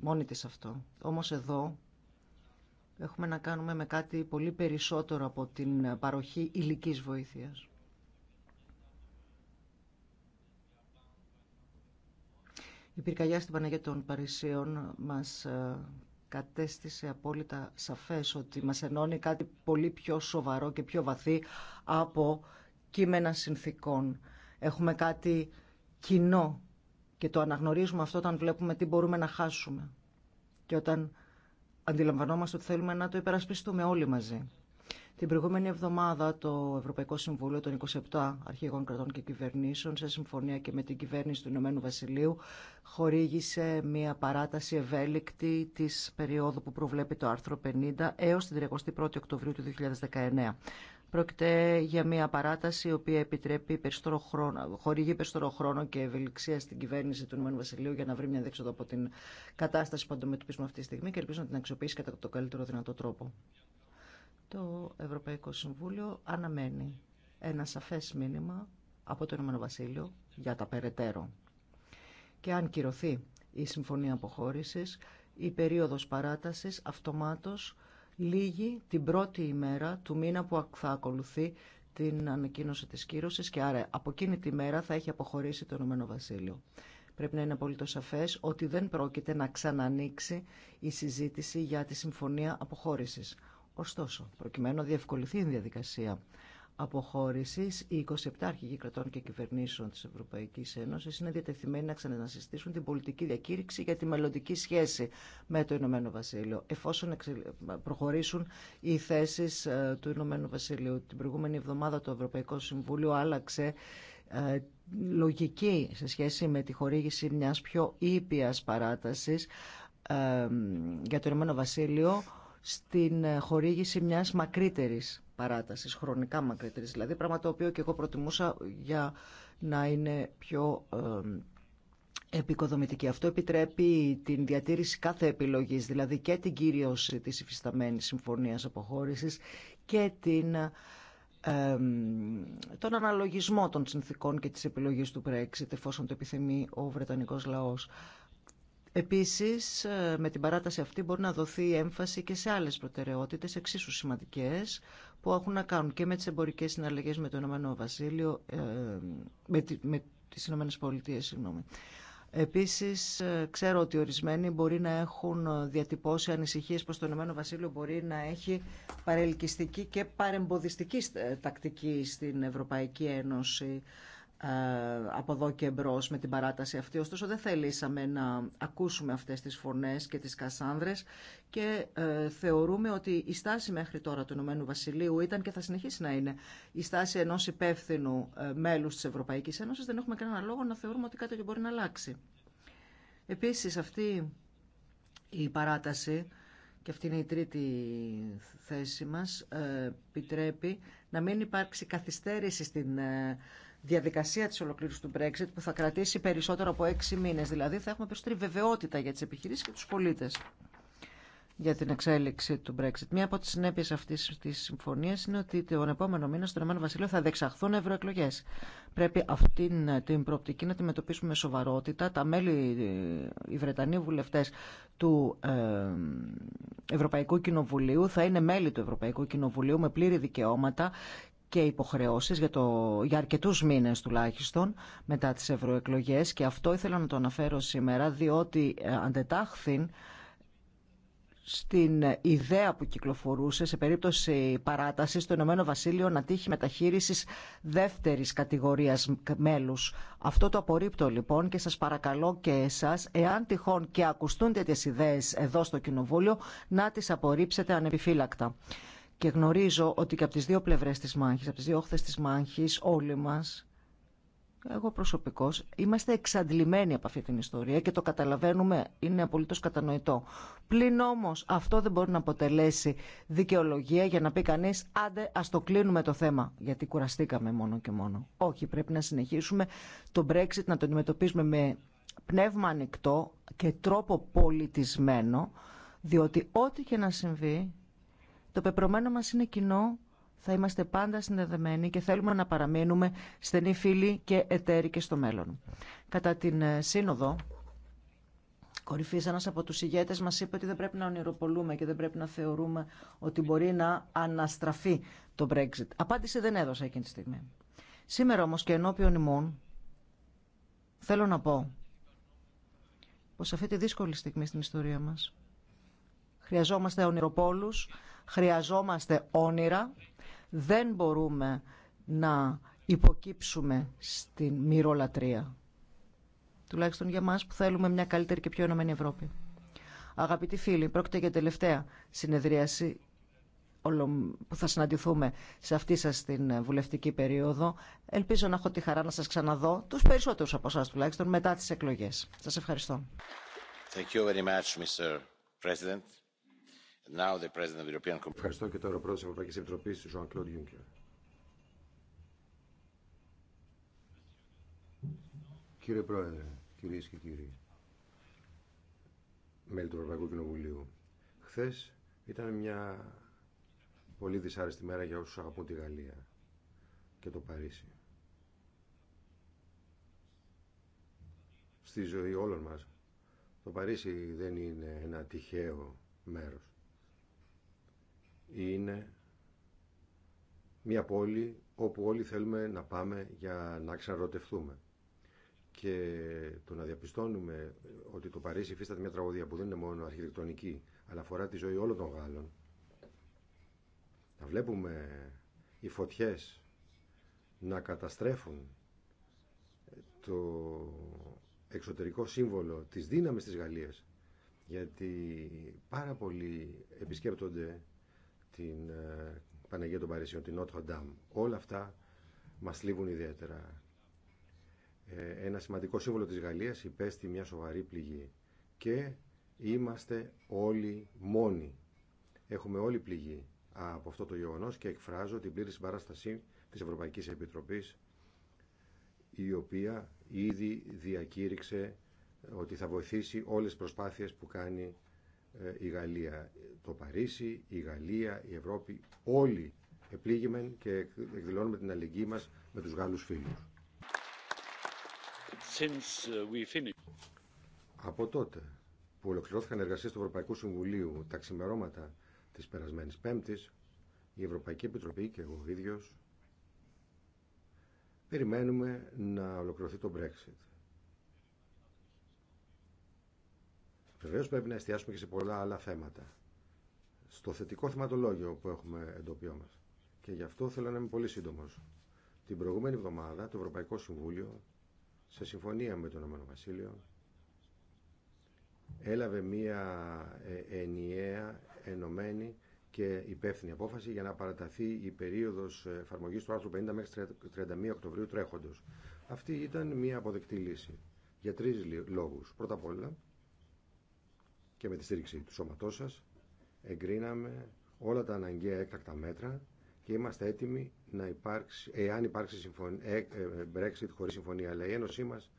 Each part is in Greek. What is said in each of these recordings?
μόνη της αυτό. Όμως εδώ έχουμε να κάνουμε με κάτι πολύ περισσότερο από την παροχή υλική βοήθειας. Η πυρκαγιά στην Παναγία των Παρισίων μας ε, κατέστησε απόλυτα σαφές ότι μας ενώνει κάτι πολύ πιο σοβαρό και πιο βαθύ από κείμενα συνθήκων. Έχουμε κάτι κοινό και το αναγνωρίζουμε αυτό όταν βλέπουμε τι μπορούμε να χάσουμε. Και όταν αντιλαμβανόμαστε ότι θέλουμε να το υπερασπιστούμε όλοι μαζί. Την προηγούμενη εβδομάδα το Ευρωπαϊκό Συμβούλιο των 27 Αρχηγών Κρατών και Κυβερνήσεων σε συμφωνία και με την κυβέρνηση του Ηνωμένου Βασιλείου χορήγησε μια παράταση ευέλικτη της περίοδου που προβλέπει το άρθρο 50 έως την 31η Οκτωβρίου του 2019. Πρόκειται για μια παράταση η οποία επιτρέπει περισσότερο χρόνο, χορηγεί περισσότερο χρόνο και ευελιξία στην κυβέρνηση του Ηνωμένου Βασιλείου για να βρει μια δέξοδο από την κατάσταση που αντιμετωπίζουμε αυτή τη στιγμή και ελπίζω να την αξιοποιήσει κατά το καλύτερο δυνατό τρόπο. Το Ευρωπαϊκό Συμβούλιο αναμένει ένα σαφές μήνυμα από το Ηνωμένο Βασίλειο για τα περαιτέρω. Και αν κυρωθεί η Συμφωνία Αποχώρησης, η περίοδος παράτασης αυτομάτως Λίγη την πρώτη ημέρα του μήνα που θα ακολουθεί την ανακοίνωση της κύρωσης και άρα από εκείνη τη μέρα θα έχει αποχωρήσει το Ηνωμένο Βασίλειο. Πρέπει να είναι απολύτω σαφέ ότι δεν πρόκειται να ξανανοίξει η συζήτηση για τη συμφωνία αποχώρηση. Ωστόσο, προκειμένου να διευκολυθεί η διαδικασία αποχώρησης, οι 27 αρχηγοί κρατών και κυβερνήσεων της Ευρωπαϊκής Ένωσης είναι διατεθειμένοι να ξανασυστήσουν την πολιτική διακήρυξη για τη μελλοντική σχέση με το Ηνωμένο Βασίλειο, εφόσον προχωρήσουν οι θέσεις ε, του Ηνωμένου Βασίλειου. Την προηγούμενη εβδομάδα το Ευρωπαϊκό Συμβούλιο άλλαξε ε, λογική σε σχέση με τη χορήγηση μιας πιο ήπιας παράτασης ε, για το Ηνωμένο Βασίλειο στην χορήγηση μιας μακρύτερης παράτασης, χρονικά μακρύτερης δηλαδή, πράγμα το οποίο και εγώ προτιμούσα για να είναι πιο επικοδομητική. Αυτό επιτρέπει την διατήρηση κάθε επιλογής, δηλαδή και την κυρίωση της υφισταμένης συμφωνίας αποχώρησης και την, τον αναλογισμό των συνθήκων και της επιλογής του Brexit, εφόσον το επιθυμεί ο Βρετανικός λαός. Επίσης, ε, με την παράταση αυτή μπορεί να δοθεί έμφαση και σε άλλες προτεραιότητες εξίσου σημαντικές που έχουν να κάνουν και με τις εμπορικές συναλλαγές με το Ηνωμένο Βασίλειο, ε, με, με τις Ηνωμένες Πολιτείες, Επίσης, ε, ξέρω ότι ορισμένοι μπορεί να έχουν διατυπώσει ανησυχίες πως το Ηνωμένο Βασίλειο μπορεί να έχει παρελκυστική και παρεμποδιστική τακτική στην Ευρωπαϊκή Ένωση. Ε, από εδώ και εμπρό με την παράταση αυτή. Ωστόσο δεν θελήσαμε να ακούσουμε αυτές τις φωνές και τις κασάνδρες και ε, θεωρούμε ότι η στάση μέχρι τώρα του Ηνωμένου Βασιλείου ήταν και θα συνεχίσει να είναι η στάση ενός υπεύθυνου ε, μέλους της Ευρωπαϊκής Ένωσης. Δεν έχουμε κανένα λόγο να θεωρούμε ότι κάτι μπορεί να αλλάξει. Επίσης αυτή η παράταση και αυτή είναι η τρίτη θέση μας, επιτρέπει να μην υπάρξει καθυστέρηση στην διαδικασία τη ολοκλήρωση του Brexit που θα κρατήσει περισσότερο από έξι μήνε. Δηλαδή θα έχουμε περισσότερη βεβαιότητα για τι επιχειρήσει και του πολίτε για την εξέλιξη του Brexit. Μία από τι συνέπειε αυτή τη συμφωνία είναι ότι τον επόμενο μήνα στον Ηνωμένο Βασίλειο θα δεξαχθούν ευρωεκλογέ. Πρέπει αυτή την προοπτική να τη μετωπίσουμε με σοβαρότητα. Τα μέλη, οι Βρετανοί βουλευτέ του ε, Ευρωπαϊκού Κοινοβουλίου θα είναι μέλη του Ευρωπαϊκού Κοινοβουλίου με πλήρη δικαιώματα και υποχρεώσεις για, για αρκετούς μήνες τουλάχιστον μετά τις ευρωεκλογές και αυτό ήθελα να το αναφέρω σήμερα διότι ε, αντετάχθην στην ε, ιδέα που κυκλοφορούσε σε περίπτωση παράτασης στο Ηνωμένο Βασίλειο να τύχει μεταχείρισης δεύτερης κατηγορίας μέλους. Αυτό το απορρίπτω λοιπόν και σας παρακαλώ και εσάς, εάν τυχόν και ακουστούν τέτοιε ιδέες εδώ στο Κοινοβούλιο, να τις απορρίψετε ανεπιφύλακτα. Και γνωρίζω ότι και από τις δύο πλευρές της μάχης, από τις δύο όχθες της μάχης, όλοι μας, εγώ προσωπικώς, είμαστε εξαντλημένοι από αυτή την ιστορία και το καταλαβαίνουμε, είναι απολύτως κατανοητό. Πλην όμως αυτό δεν μπορεί να αποτελέσει δικαιολογία για να πει κανείς άντε ας το κλείνουμε το θέμα, γιατί κουραστήκαμε μόνο και μόνο. Όχι, πρέπει να συνεχίσουμε το Brexit να το αντιμετωπίζουμε με πνεύμα ανοιχτό και τρόπο πολιτισμένο, διότι ό,τι και να συμβεί το πεπρωμένο μας είναι κοινό, θα είμαστε πάντα συνδεδεμένοι και θέλουμε να παραμείνουμε στενοί φίλοι και εταίροι και στο μέλλον. Κατά την ε, σύνοδο κορυφής ένας από τους ηγέτες μας είπε ότι δεν πρέπει να ονειροπολούμε και δεν πρέπει να θεωρούμε ότι μπορεί να αναστραφεί το Brexit. Απάντηση δεν έδωσα εκείνη τη στιγμή. Σήμερα όμως και ενώπιον ημών θέλω να πω πως αυτή τη δύσκολη στιγμή στην ιστορία μας χρειαζόμαστε ονειροπόλους, χρειαζόμαστε όνειρα. Δεν μπορούμε να υποκύψουμε στην μυρολατρεία. Τουλάχιστον για μας που θέλουμε μια καλύτερη και πιο ενωμένη Ευρώπη. Αγαπητοί φίλοι, πρόκειται για τελευταία συνεδρίαση που θα συναντηθούμε σε αυτή σας την βουλευτική περίοδο. Ελπίζω να έχω τη χαρά να σας ξαναδώ, τους περισσότερους από εσά τουλάχιστον, μετά τις εκλογές. Σας ευχαριστώ. Thank you very much, Mr. President. Ευχαριστώ και τώρα πρόεδρος της Ευρωπαϊκής Ζωάν Jean-Claude Juncker. Κύριε Πρόεδρε, κυρίες και κύριοι, μέλη του Ευρωπαϊκού Κοινοβουλίου, χθε ήταν μια πολύ δυσάρεστη μέρα για όσου αγαπούν τη Γαλλία και το Παρίσι. Στη ζωή όλων μας, το Παρίσι δεν είναι ένα τυχαίο μέρος είναι μια πόλη όπου όλοι θέλουμε να πάμε για να ξαναρωτευτούμε. Και το να διαπιστώνουμε ότι το Παρίσι υφίσταται μια τραγωδία που δεν είναι μόνο αρχιτεκτονική, αλλά αφορά τη ζωή όλων των Γάλλων. Να βλέπουμε οι φωτιές να καταστρέφουν το εξωτερικό σύμβολο της δύναμης της Γαλλίας γιατί πάρα πολλοί επισκέπτονται την ε, Παναγία των Παρισιών, την Notre Dame. Όλα αυτά μας λείβουν ιδιαίτερα. Ε, ένα σημαντικό σύμβολο της Γαλλίας υπέστη μια σοβαρή πληγή και είμαστε όλοι μόνοι. Έχουμε όλοι πληγή από αυτό το γεγονός και εκφράζω την πλήρη συμπαράσταση της Ευρωπαϊκής Επιτροπής η οποία ήδη διακήρυξε ότι θα βοηθήσει όλες τις προσπάθειες που κάνει ε, η Γαλλία, το Παρίσι, η Γαλλία, η Ευρώπη, όλοι επλήγημεν και εκδηλώνουμε την αλληλεγγύη μας με τους Γάλλους φίλους. Since uh, Από τότε που ολοκληρώθηκαν εργασίες του Ευρωπαϊκού Συμβουλίου τα ξημερώματα της περασμένης Πέμπτης, η Ευρωπαϊκή Επιτροπή και εγώ ίδιος περιμένουμε να ολοκληρωθεί το Brexit. Βεβαίω πρέπει να εστιάσουμε και σε πολλά άλλα θέματα. Στο θετικό θεματολόγιο που έχουμε εντοπιό μα. Και γι' αυτό θέλω να είμαι πολύ σύντομο. Την προηγούμενη εβδομάδα το Ευρωπαϊκό Συμβούλιο, σε συμφωνία με το Ηνωμένο Βασίλειο, έλαβε μία ε, ενιαία, ενωμένη και υπεύθυνη απόφαση για να παραταθεί η περίοδο εφαρμογή του άρθρου 50 μέχρι 31 Οκτωβρίου τρέχοντο. Αυτή ήταν μία αποδεκτή λύση για τρει λόγου. Πρώτα απ' όλα, και με τη στήριξη του σώματός σας εγκρίναμε όλα τα αναγκαία έκτακτα μέτρα και είμαστε έτοιμοι να υπάρξει, εάν υπάρξει συμφωνία, ε, ε, Brexit χωρίς συμφωνία, αλλά η Ένωσή μας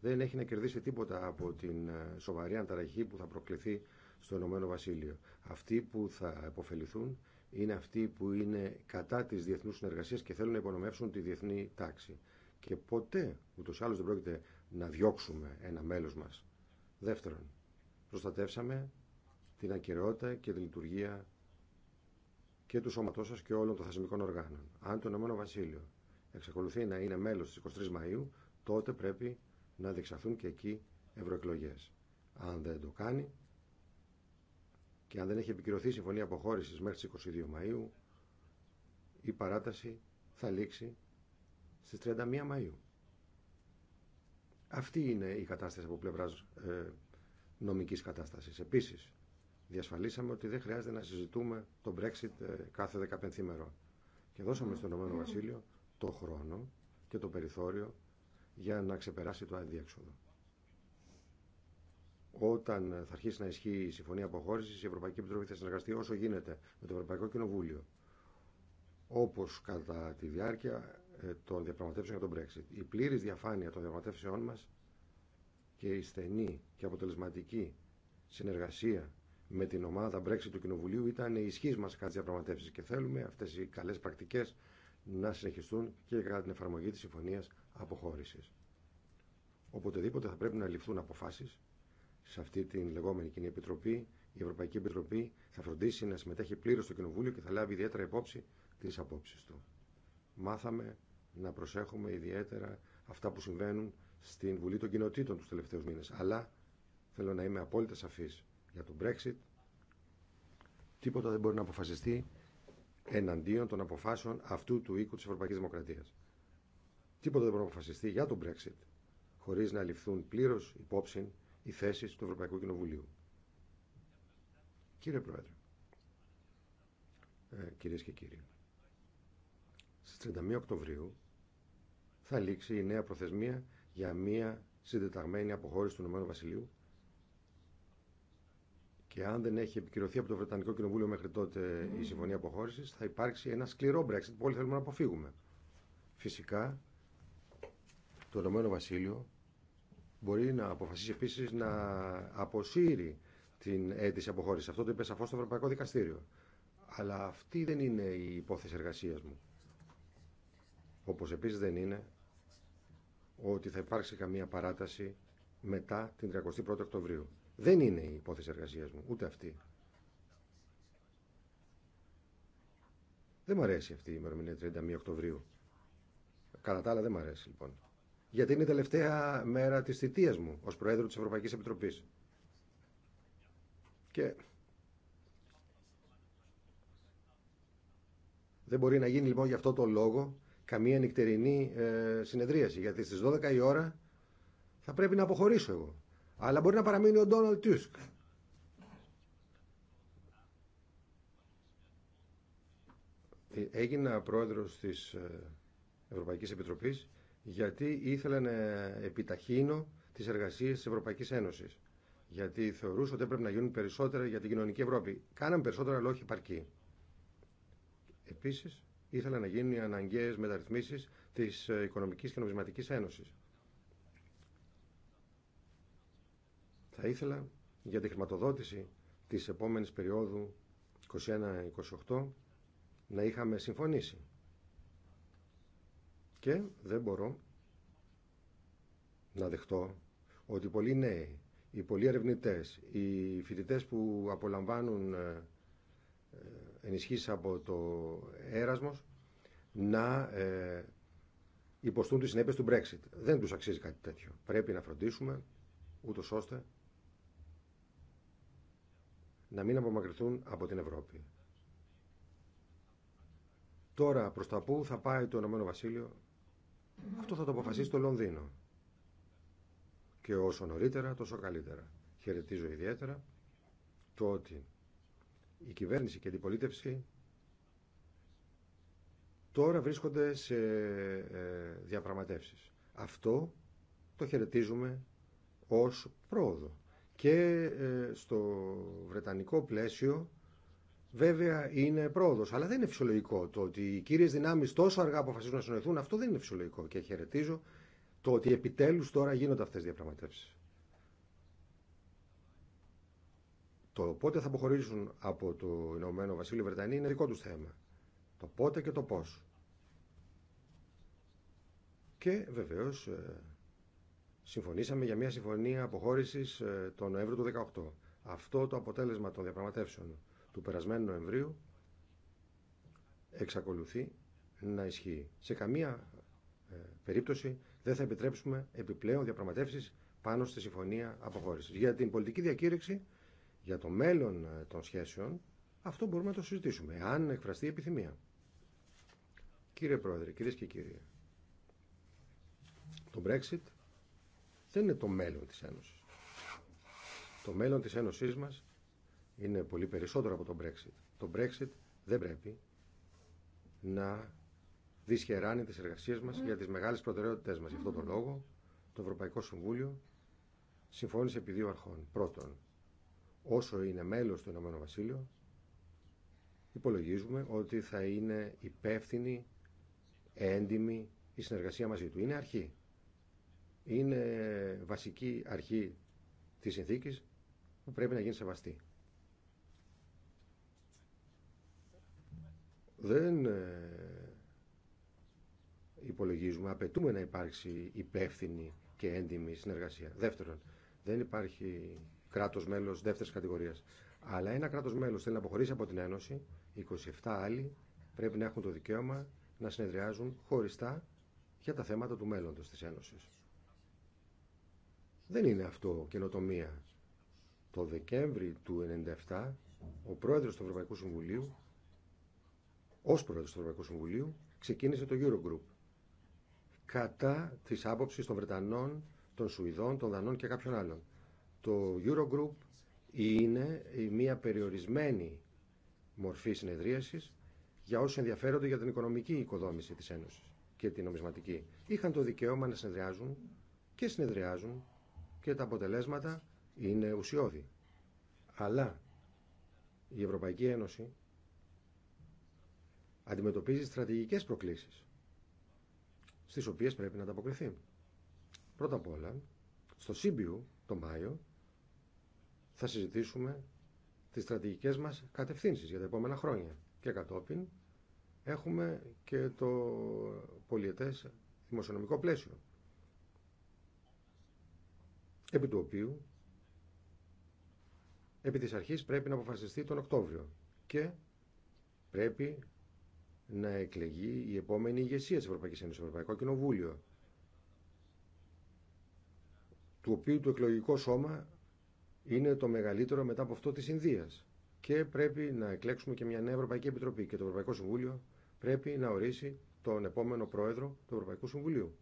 δεν έχει να κερδίσει τίποτα από την ε, σοβαρή ανταραχή που θα προκληθεί στο Ηνωμένο Βασίλειο. Αυτοί που θα επωφεληθούν είναι αυτοί που είναι κατά της διεθνού συνεργασίας και θέλουν να υπονομεύσουν τη διεθνή τάξη. Και ποτέ ούτως ή άλλως δεν πρόκειται να διώξουμε ένα μέλος μας. Δεύτερον, προστατεύσαμε την ακυρεότητα και τη λειτουργία και του σώματό σα και όλων των θεσμικών οργάνων. Αν το Ηνωμένο Βασίλειο εξακολουθεί να είναι μέλο τη 23 Μαου, τότε πρέπει να διεξαχθούν και εκεί ευρωεκλογέ. Αν δεν το κάνει και αν δεν έχει επικυρωθεί η συμφωνία αποχώρηση μέχρι τι 22 Μαου, η παράταση θα λήξει στις 31 Μαΐου. Αυτή είναι η κατάσταση από πλευράς ε, νομικής κατάστασης. Επίσης, διασφαλίσαμε ότι δεν χρειάζεται να συζητούμε το Brexit ε, κάθε 15 ημερών. Και δώσαμε στον Ηνωμένο Βασίλειο το χρόνο και το περιθώριο για να ξεπεράσει το αδιέξοδο. Όταν θα αρχίσει να ισχύει η συμφωνία αποχώρηση, η Ευρωπαϊκή Επιτροπή θα συνεργαστεί όσο γίνεται με το Ευρωπαϊκό Κοινοβούλιο. Όπω κατά τη διάρκεια ε, των διαπραγματεύσεων για τον Brexit. Η πλήρη διαφάνεια των διαπραγματεύσεών μα και η στενή και αποτελεσματική συνεργασία με την ομάδα Brexit του Κοινοβουλίου ήταν η ισχύ μα κατά τι διαπραγματεύσει και θέλουμε αυτέ οι καλέ πρακτικέ να συνεχιστούν και κατά την εφαρμογή τη συμφωνία αποχώρηση. Οποτεδήποτε θα πρέπει να ληφθούν αποφάσει σε αυτή την λεγόμενη κοινή επιτροπή, η Ευρωπαϊκή Επιτροπή θα φροντίσει να συμμετέχει πλήρω στο Κοινοβούλιο και θα λάβει ιδιαίτερα υπόψη τι απόψει του. Μάθαμε να προσέχουμε ιδιαίτερα αυτά που συμβαίνουν στην Βουλή των Κοινοτήτων του τελευταίους μήνε. Αλλά θέλω να είμαι απόλυτα σαφής για τον Brexit. Τίποτα δεν μπορεί να αποφασιστεί εναντίον των αποφάσεων αυτού του οίκου τη Ευρωπαϊκή Δημοκρατία. Τίποτα δεν μπορεί να αποφασιστεί για τον Brexit χωρί να ληφθούν πλήρω υπόψη οι θέσει του Ευρωπαϊκού Κοινοβουλίου. Κύριε Πρόεδρε, ε, και κύριοι, στι 31 Οκτωβρίου θα λήξει η νέα προθεσμία για μια συντεταγμένη αποχώρηση του Ηνωμένου Βασιλείου και αν δεν έχει επικυρωθεί από το Βρετανικό Κοινοβούλιο μέχρι τότε η συμφωνία αποχώρηση, θα υπάρξει ένα σκληρό Brexit που όλοι θέλουμε να αποφύγουμε. Φυσικά, το Ηνωμένο Βασίλειο μπορεί να αποφασίσει επίση να αποσύρει την αίτηση αποχώρηση. Αυτό το είπε σαφώ στο Ευρωπαϊκό Δικαστήριο. Αλλά αυτή δεν είναι η υπόθεση εργασία μου. Όπω επίση δεν είναι ότι θα υπάρξει καμία παράταση μετά την 31η Οκτωβρίου. Δεν είναι η υπόθεση εργασίας μου, ούτε αυτή. Δεν μου αρέσει αυτή η ημερομηνία 31 Οκτωβρίου. Κατά τα άλλα δεν μου αρέσει λοιπόν. Γιατί είναι η τελευταία μέρα της θητείας μου ως Προέδρου της Ευρωπαϊκής Επιτροπής. Και δεν μπορεί να γίνει λοιπόν για αυτό το λόγο καμία νυχτερινή ε, συνεδρίαση, γιατί στις 12 η ώρα θα πρέπει να αποχωρήσω εγώ. Αλλά μπορεί να παραμείνει ο Ντόναλτ Τούσκ. Ε, έγινα πρόεδρος της ε, Ευρωπαϊκής Επιτροπής γιατί ήθελα να επιταχύνω τις εργασίες της Ευρωπαϊκής Ένωσης. Γιατί θεωρούσα ότι έπρεπε να γίνουν περισσότερα για την κοινωνική Ευρώπη. Κάναμε περισσότερα, αλλά όχι επαρκή. Επίσης, ήθελαν να γίνουν οι αναγκαίες μεταρρυθμίσεις της ε, Οικονομικής και Νομισματικής Ένωση. Θα ήθελα για τη χρηματοδότηση της επόμενης περίοδου 21-28 να είχαμε συμφωνήσει. Και δεν μπορώ να δεχτώ ότι πολλοί νέοι, οι πολλοί ερευνητέ, οι φοιτητέ που απολαμβάνουν ε, ε, ενισχύσεις από το έρασμος να ε, υποστούν τις συνέπειες του Brexit. Δεν τους αξίζει κάτι τέτοιο. Πρέπει να φροντίσουμε ούτω ώστε να μην απομακρυνθούν από την Ευρώπη. Τώρα προς τα που θα πάει το Ηνωμένο Βασίλειο αυτό θα το αποφασίσει το Λονδίνο. Και όσο νωρίτερα τόσο καλύτερα. Χαιρετίζω ιδιαίτερα το ότι η κυβέρνηση και η αντιπολίτευση τώρα βρίσκονται σε ε, διαπραγματεύσεις. Αυτό το χαιρετίζουμε ως πρόοδο. Και ε, στο βρετανικό πλαίσιο βέβαια είναι πρόοδος, αλλά δεν είναι φυσιολογικό. Το ότι οι κύριες δυνάμεις τόσο αργά αποφασίζουν να συνοηθούν, αυτό δεν είναι φυσιολογικό. Και χαιρετίζω το ότι επιτέλους τώρα γίνονται αυτές οι διαπραγματεύσεις. Το πότε θα αποχωρήσουν από το Ηνωμένο Βασίλειο Βρετανία είναι δικό του θέμα. Το πότε και το πώς. Και βεβαίως ε, συμφωνήσαμε για μια συμφωνία αποχώρησης ε, τον Νοέμβριο του 2018. Αυτό το αποτέλεσμα των διαπραγματεύσεων του περασμένου Νοεμβρίου εξακολουθεί να ισχύει. Σε καμία ε, περίπτωση δεν θα επιτρέψουμε επιπλέον διαπραγματεύσεις πάνω στη συμφωνία αποχώρησης. Για την πολιτική διακήρυξη για το μέλλον ε, των σχέσεων, αυτό μπορούμε να το συζητήσουμε, αν εκφραστεί επιθυμία. Κύριε Πρόεδρε, κυρίε και κύριοι, το Brexit δεν είναι το μέλλον της Ένωσης. Το μέλλον της Ένωσής μας είναι πολύ περισσότερο από το Brexit. Το Brexit δεν πρέπει να δυσχεράνει τις εργασίες μας για τις μεγάλες προτεραιότητές μας. Γι' αυτό το λόγο το Ευρωπαϊκό Συμβούλιο συμφώνησε επί δύο αρχών. Πρώτον, όσο είναι μέλος του Ηνωμένου Βασίλειου, υπολογίζουμε ότι θα είναι υπεύθυνη, έντιμη η συνεργασία μαζί του. Είναι αρχή. Είναι βασική αρχή της συνθήκης που πρέπει να γίνει σεβαστή. Δεν ε, υπολογίζουμε, απαιτούμε να υπάρξει υπεύθυνη και έντιμη συνεργασία. Δεύτερον, δεν υπάρχει κράτο μέλο δεύτερη κατηγορία. Αλλά ένα κράτο μέλο θέλει να αποχωρήσει από την Ένωση, 27 άλλοι πρέπει να έχουν το δικαίωμα να συνεδριάζουν χωριστά για τα θέματα του μέλλοντο τη Ένωση. Δεν είναι αυτό καινοτομία. Το Δεκέμβρη του 1997 ο πρόεδρος του Ευρωπαϊκού Συμβουλίου, ω πρόεδρο του Ευρωπαϊκού Συμβουλίου, ξεκίνησε το Eurogroup κατά τη άποψη των Βρετανών, των Σουηδών, των Δανών και κάποιων άλλων. Το Eurogroup είναι μια περιορισμένη μορφή συνεδρίασης για όσους ενδιαφέρονται για την οικονομική οικοδόμηση της Ένωσης και την νομισματική. Είχαν το δικαίωμα να συνεδριάζουν και συνεδριάζουν και τα αποτελέσματα είναι ουσιώδη. Αλλά η Ευρωπαϊκή Ένωση αντιμετωπίζει στρατηγικές προκλήσεις στις οποίες πρέπει να ανταποκριθεί. Πρώτα απ' όλα, στο Σύμπιου το Μάιο θα συζητήσουμε τις στρατηγικές μας κατευθύνσεις για τα επόμενα χρόνια. Και κατόπιν έχουμε και το πολιετές δημοσιονομικό πλαίσιο, επί του οποίου επί της αρχής πρέπει να αποφασιστεί τον Οκτώβριο και πρέπει να εκλεγεί η επόμενη ηγεσία της Ευρωπαϊκής Ένωσης, Ευρωπαϊκό Κοινοβούλιο, του οποίου το εκλογικό σώμα είναι το μεγαλύτερο μετά από αυτό τη Ινδία. Και πρέπει να εκλέξουμε και μια νέα Ευρωπαϊκή Επιτροπή. Και το Ευρωπαϊκό Συμβούλιο πρέπει να ορίσει τον επόμενο πρόεδρο του Ευρωπαϊκού Συμβουλίου.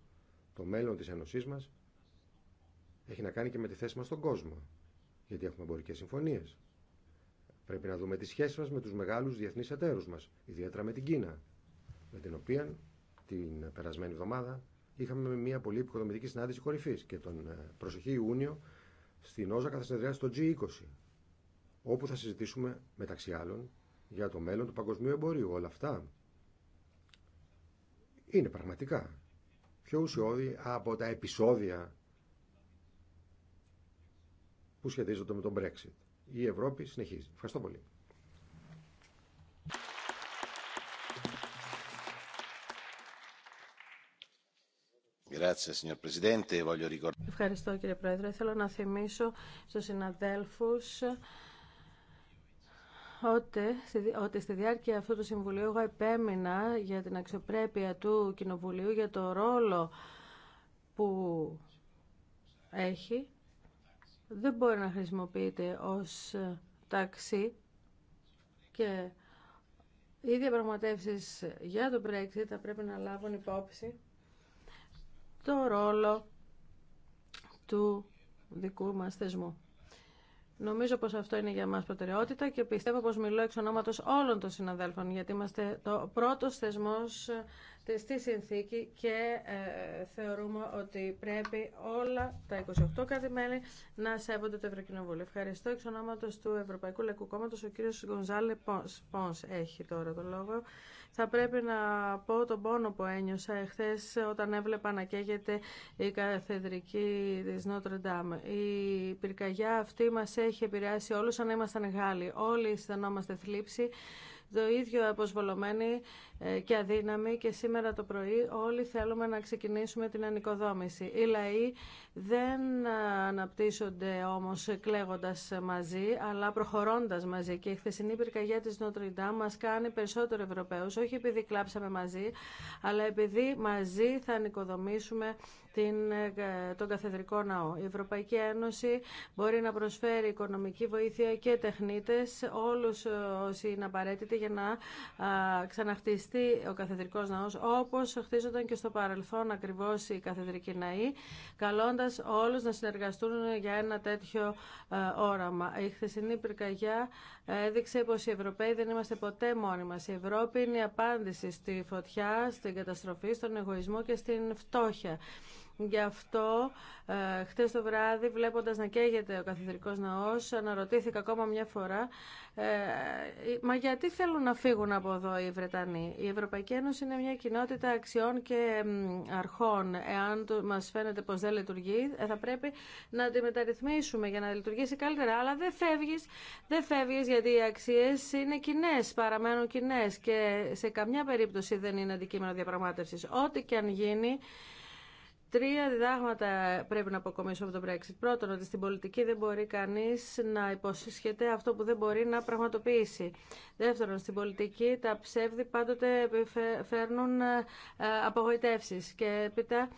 Το μέλλον τη ενωσή μα έχει να κάνει και με τη θέση μα στον κόσμο. Γιατί έχουμε εμπορικέ συμφωνίε. Πρέπει να δούμε τις σχέσεις μα με του μεγάλου διεθνεί εταίρου μα, ιδιαίτερα με την Κίνα, με την οποία την περασμένη εβδομάδα είχαμε μια πολύ επικοδομητική συνάντηση κορυφή και τον ε, προσεχή Ιούνιο στην Όζακα θα στο G20, όπου θα συζητήσουμε μεταξύ άλλων για το μέλλον του παγκοσμίου εμπορίου. Όλα αυτά είναι πραγματικά πιο ουσιώδη από τα επεισόδια που σχετίζονται με τον Brexit. Η Ευρώπη συνεχίζει. Ευχαριστώ πολύ. Ευχαριστώ κύριε Πρόεδρε. Θέλω να θυμίσω στους συναδέλφους ότι στη διάρκεια αυτού του Συμβουλίου εγώ επέμεινα για την αξιοπρέπεια του Κοινοβουλίου, για το ρόλο που έχει. Δεν μπορεί να χρησιμοποιείται ως ταξί και οι διαπραγματεύσει για το Brexit θα πρέπει να λάβουν υπόψη το ρόλο του δικού μας θεσμού. Νομίζω πως αυτό είναι για μας προτεραιότητα και πιστεύω πως μιλώ εξ ονόματος όλων των συναδέλφων γιατί είμαστε το πρώτος θεσμός ε, στη συνθήκη και ε, θεωρούμε ότι πρέπει όλα τα 28 κατημέλη να σέβονται το Ευρωκοινοβούλιο. Ευχαριστώ εξ ονόματος του Ευρωπαϊκού Λαϊκού Κόμματος ο κύριος Γκονζάλε Πόνς έχει τώρα το λόγο. Θα πρέπει να πω τον πόνο που ένιωσα εχθές όταν έβλεπα να καίγεται η καθεδρική της Νότρε Ντάμ. Η πυρκαγιά αυτή μας έχει επηρεάσει όλους, αν ήμασταν Γάλλοι. Όλοι αισθανόμαστε θλίψη το ίδιο αποσβολωμένοι ε, και αδύναμοι και σήμερα το πρωί όλοι θέλουμε να ξεκινήσουμε την ανοικοδόμηση. Οι λαοί δεν αναπτύσσονται όμως κλαίγοντας μαζί, αλλά προχωρώντας μαζί. Και η χθεσινή πυρκαγιά της Νότριντά μας κάνει περισσότερο Ευρωπαίους, όχι επειδή κλάψαμε μαζί, αλλά επειδή μαζί θα ανοικοδομήσουμε την, ε, τον καθεδρικό ναό. Η Ευρωπαϊκή Ένωση μπορεί να προσφέρει οικονομική βοήθεια και τεχνίτες, όλους ε, όσοι είναι απαραίτητοι για να ξαναχτίσει χτιστεί ο καθεδρικό Ναό όπω χτίζονταν και στο παρελθόν ακριβώ οι καθεδρικοί ναοί, καλώντα όλου να συνεργαστούν για ένα τέτοιο ε, όραμα. Η χθεσινή πυρκαγιά έδειξε πω οι Ευρωπαίοι δεν είμαστε ποτέ μόνοι μα. Η Ευρώπη είναι η απάντηση στη φωτιά, στην καταστροφή, στον εγωισμό και στην φτώχεια. Γι' αυτό ε, χτες το βράδυ βλέποντας να καίγεται ο καθεδρικός ναός αναρωτήθηκα ακόμα μια φορά ε, μα γιατί θέλουν να φύγουν από εδώ οι Βρετανοί. Η Ευρωπαϊκή Ένωση είναι μια κοινότητα αξιών και αρχών. Εάν το, μας φαίνεται πως δεν λειτουργεί ε, θα πρέπει να τη μεταρρυθμίσουμε για να λειτουργήσει καλύτερα. Αλλά δεν φεύγεις, δεν φεύγεις γιατί οι αξίες είναι κοινέ, παραμένουν κοινέ και σε καμιά περίπτωση δεν είναι αντικείμενο διαπραγμάτευσης. Ό,τι και αν γίνει Τρία διδάγματα πρέπει να αποκομίσω από το Brexit. Πρώτον, ότι στην πολιτική δεν μπορεί κανεί να υποσύσχεται αυτό που δεν μπορεί να πραγματοποιήσει. Δεύτερον, στην πολιτική τα ψεύδη πάντοτε φέρνουν ε, απογοητεύσει. Και έπειτα,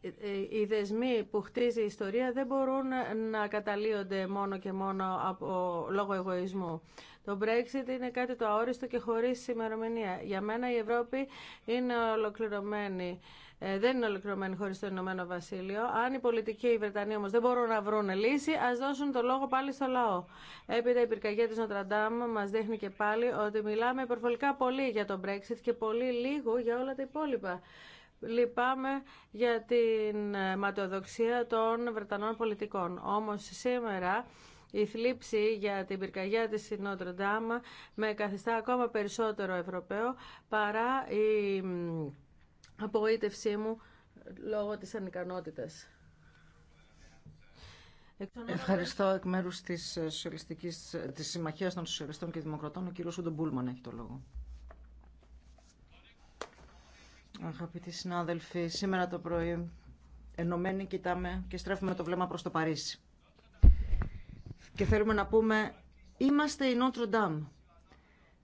ε, ε, οι δεσμοί που χτίζει η ιστορία δεν μπορούν να καταλύονται μόνο και μόνο από, λόγω εγωισμού. Το Brexit είναι κάτι το αόριστο και χωρίς ημερομηνία. Για μένα η Ευρώπη είναι ολοκληρωμένη. Ε, δεν είναι ολοκληρωμένοι χωρί το Ηνωμένο Βασίλειο. Αν οι πολιτικοί οι Βρετανοί όμω δεν μπορούν να βρουν λύση, α δώσουν το λόγο πάλι στο λαό. Έπειτα η πυρκαγιά τη Νοτραντάμ μα δείχνει και πάλι ότι μιλάμε υπερβολικά πολύ για τον Brexit και πολύ λίγο για όλα τα υπόλοιπα. Λυπάμαι για την ε, ματαιοδοξία των Βρετανών πολιτικών. Όμως σήμερα η θλίψη για την πυρκαγιά της Νότροντάμα με καθιστά ακόμα περισσότερο Ευρωπαίο παρά η απογοήτευσή μου λόγω της ανικανότητας. Ευχαριστώ εκ μέρου τη της Συμμαχία των Σοσιαλιστών και Δημοκρατών. Ο κύριο Ούντο Μπούλμαν έχει το λόγο. Αγαπητοί συνάδελφοι, σήμερα το πρωί ενωμένοι κοιτάμε και στρέφουμε το βλέμμα προς το Παρίσι. Και θέλουμε να πούμε είμαστε η Νότρο Ντάμ.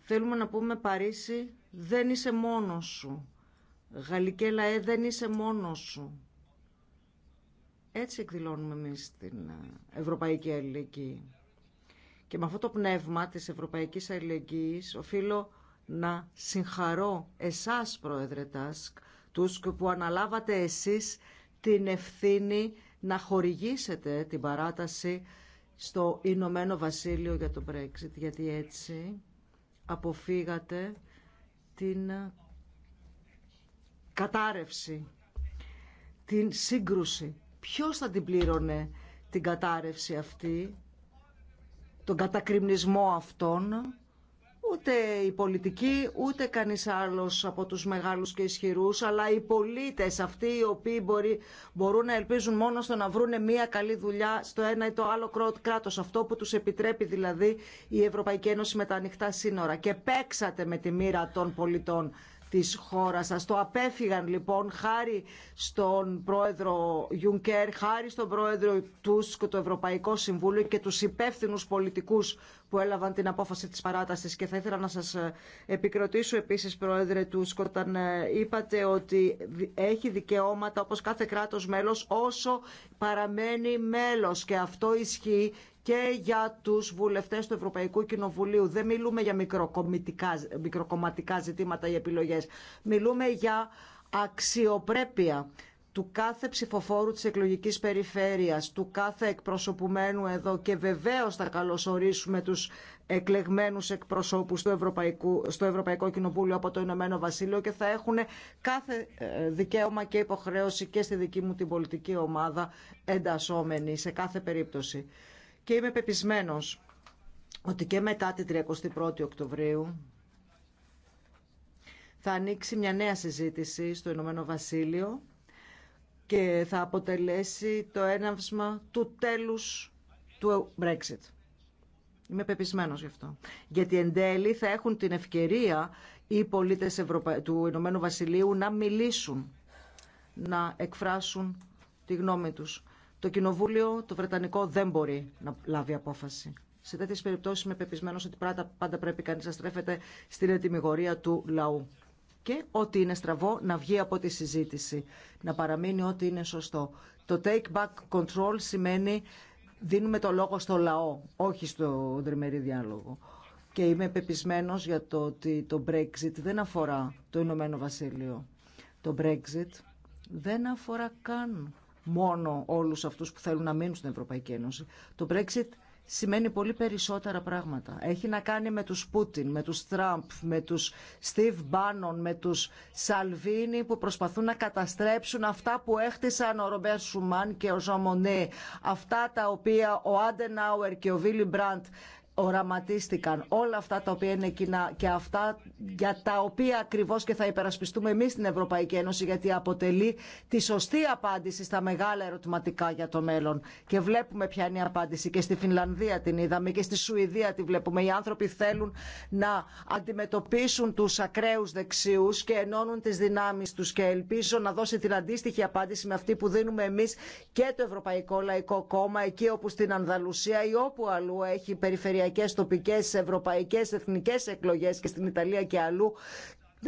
Θέλουμε να πούμε Παρίσι δεν είσαι μόνο σου. Γαλλικέλα, ε, δεν είσαι μόνος σου. Έτσι εκδηλώνουμε εμείς την ε, Ευρωπαϊκή Αλληλεγγύη. Και με αυτό το πνεύμα της Ευρωπαϊκής Αλληλεγγύης οφείλω να συγχαρώ εσάς, Πρόεδρε Τάσκ, τους που αναλάβατε εσείς την ευθύνη να χορηγήσετε την παράταση στο Ηνωμένο Βασίλειο για το Brexit, γιατί έτσι αποφύγατε την κατάρρευση, την σύγκρουση. Ποιος θα την πλήρωνε την κατάρρευση αυτή, τον κατακριμνισμό αυτών, ούτε η πολιτική, ούτε κανείς άλλος από τους μεγάλους και ισχυρούς, αλλά οι πολίτες αυτοί οι οποίοι μπορεί, μπορούν να ελπίζουν μόνο στο να βρούνε μία καλή δουλειά στο ένα ή το άλλο κράτος, αυτό που τους επιτρέπει δηλαδή η Ευρωπαϊκή Ένωση με τα ανοιχτά σύνορα. Και παίξατε με τη μοίρα των πολιτών της χώρας σας. Το απέφυγαν λοιπόν χάρη στον πρόεδρο Γιουνκέρ, χάρη στον πρόεδρο Τούσκ, το Ευρωπαϊκό Συμβούλιο και τους υπεύθυνου πολιτικούς που έλαβαν την απόφαση της παράτασης. Και θα ήθελα να σας ε, επικροτήσω επίσης πρόεδρε Τούσκ όταν ε, είπατε ότι έχει δικαιώματα όπως κάθε κράτος μέλος όσο παραμένει μέλος και αυτό ισχύει και για του βουλευτέ του Ευρωπαϊκού Κοινοβουλίου. Δεν μιλούμε για μικροκομματικά ζητήματα ή επιλογές. Μιλούμε για αξιοπρέπεια του κάθε ψηφοφόρου της εκλογικής περιφέρειας, του κάθε εκπροσωπουμένου εδώ και βεβαίως θα καλωσορίσουμε τους εκλεγμένους εκπροσώπους στο Ευρωπαϊκό, στο Ευρωπαϊκό Κοινοβούλιο από το Ηνωμένο Βασίλειο και θα έχουν κάθε ε, δικαίωμα και υποχρέωση και στη δική μου την πολιτική ομάδα εντασσόμενη σε κάθε περίπτωση. Και είμαι πεπισμένος ότι και μετά την 31η Οκτωβρίου θα ανοίξει μια νέα συζήτηση στο Ηνωμένο Βασίλειο και θα αποτελέσει το έναυσμα του τέλους του Brexit. Είμαι πεπισμένος γι' αυτό. Γιατί εν τέλει θα έχουν την ευκαιρία οι πολίτες του Ηνωμένου Βασιλείου να μιλήσουν, να εκφράσουν τη γνώμη τους. Το Κοινοβούλιο, το Βρετανικό, δεν μπορεί να λάβει απόφαση. Σε τέτοιε περιπτώσει είμαι πεπισμένο ότι πάντα, πάντα πρέπει κανεί να στρέφεται στην ετοιμιγορία του λαού. Και ό,τι είναι στραβό να βγει από τη συζήτηση. Να παραμείνει ό,τι είναι σωστό. Το take back control σημαίνει δίνουμε το λόγο στο λαό, όχι στο δρυμερή διάλογο. Και είμαι πεπισμένο για το ότι το Brexit δεν αφορά το Ηνωμένο Βασίλειο. Το Brexit δεν αφορά καν μόνο όλους αυτούς που θέλουν να μείνουν στην Ευρωπαϊκή Ένωση. Το Brexit σημαίνει πολύ περισσότερα πράγματα. Έχει να κάνει με τους Πούτιν, με τους Τραμπ, με τους Στίβ Μπάνον, με τους Σαλβίνι που προσπαθούν να καταστρέψουν αυτά που έχτισαν ο Ρομπέρ Σουμάν και ο Ζαμονέ. Αυτά τα οποία ο Νάουερ και ο Βίλι Μπραντ οραματίστηκαν όλα αυτά τα οποία είναι κοινά και αυτά για τα οποία ακριβώς και θα υπερασπιστούμε εμείς στην Ευρωπαϊκή Ένωση γιατί αποτελεί τη σωστή απάντηση στα μεγάλα ερωτηματικά για το μέλλον. Και βλέπουμε ποια είναι η απάντηση και στη Φινλανδία την είδαμε και στη Σουηδία τη βλέπουμε. Οι άνθρωποι θέλουν να αντιμετωπίσουν τους ακραίους δεξιούς και ενώνουν τις δυνάμεις τους και ελπίζω να δώσει την αντίστοιχη απάντηση με αυτή που δίνουμε εμείς και το Ευρωπαϊκό Λαϊκό Κόμμα εκεί όπου στην Ανδαλουσία ή όπου αλλού έχει περιφερειακή περιφερειακές, τοπικές, ευρωπαϊκές, εθνικές εκλογές και στην Ιταλία και αλλού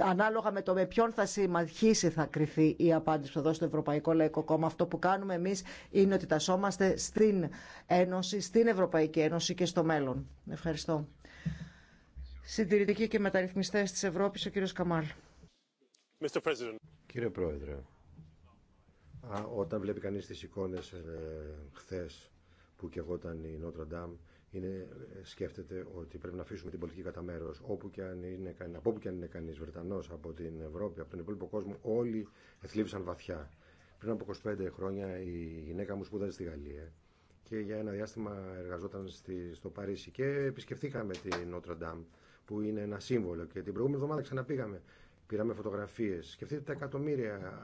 ανάλογα με το με ποιον θα συμμαχίσει θα κρυθεί η απάντηση που θα δώσει Ευρωπαϊκό Λαϊκό Κόμμα. Αυτό που κάνουμε εμείς είναι ότι τασόμαστε στην Ένωση, στην Ευρωπαϊκή Ένωση και στο μέλλον. Ευχαριστώ. Συντηρητικοί και μεταρρυθμιστές της Ευρώπης, ο κύριος Καμάλ. Κύριε Πρόεδρε, όταν βλέπει κανείς τις εικόνες ε, χθε που και εγώ ήταν η Νότρα Ντάμ, είναι, ε, σκέφτεται ότι πρέπει να αφήσουμε την πολιτική κατά μέρο. Όπου και αν είναι, από όπου και αν είναι κανεί Βρετανό, από την Ευρώπη, από τον υπόλοιπο κόσμο, όλοι εθλίβησαν βαθιά. Πριν από 25 χρόνια η γυναίκα μου σπούδαζε στη Γαλλία και για ένα διάστημα εργαζόταν στη, στο Παρίσι και επισκεφτήκαμε την Notre Dame που είναι ένα σύμβολο και την προηγούμενη εβδομάδα ξαναπήγαμε. Πήραμε φωτογραφίες. Σκεφτείτε τα εκατομμύρια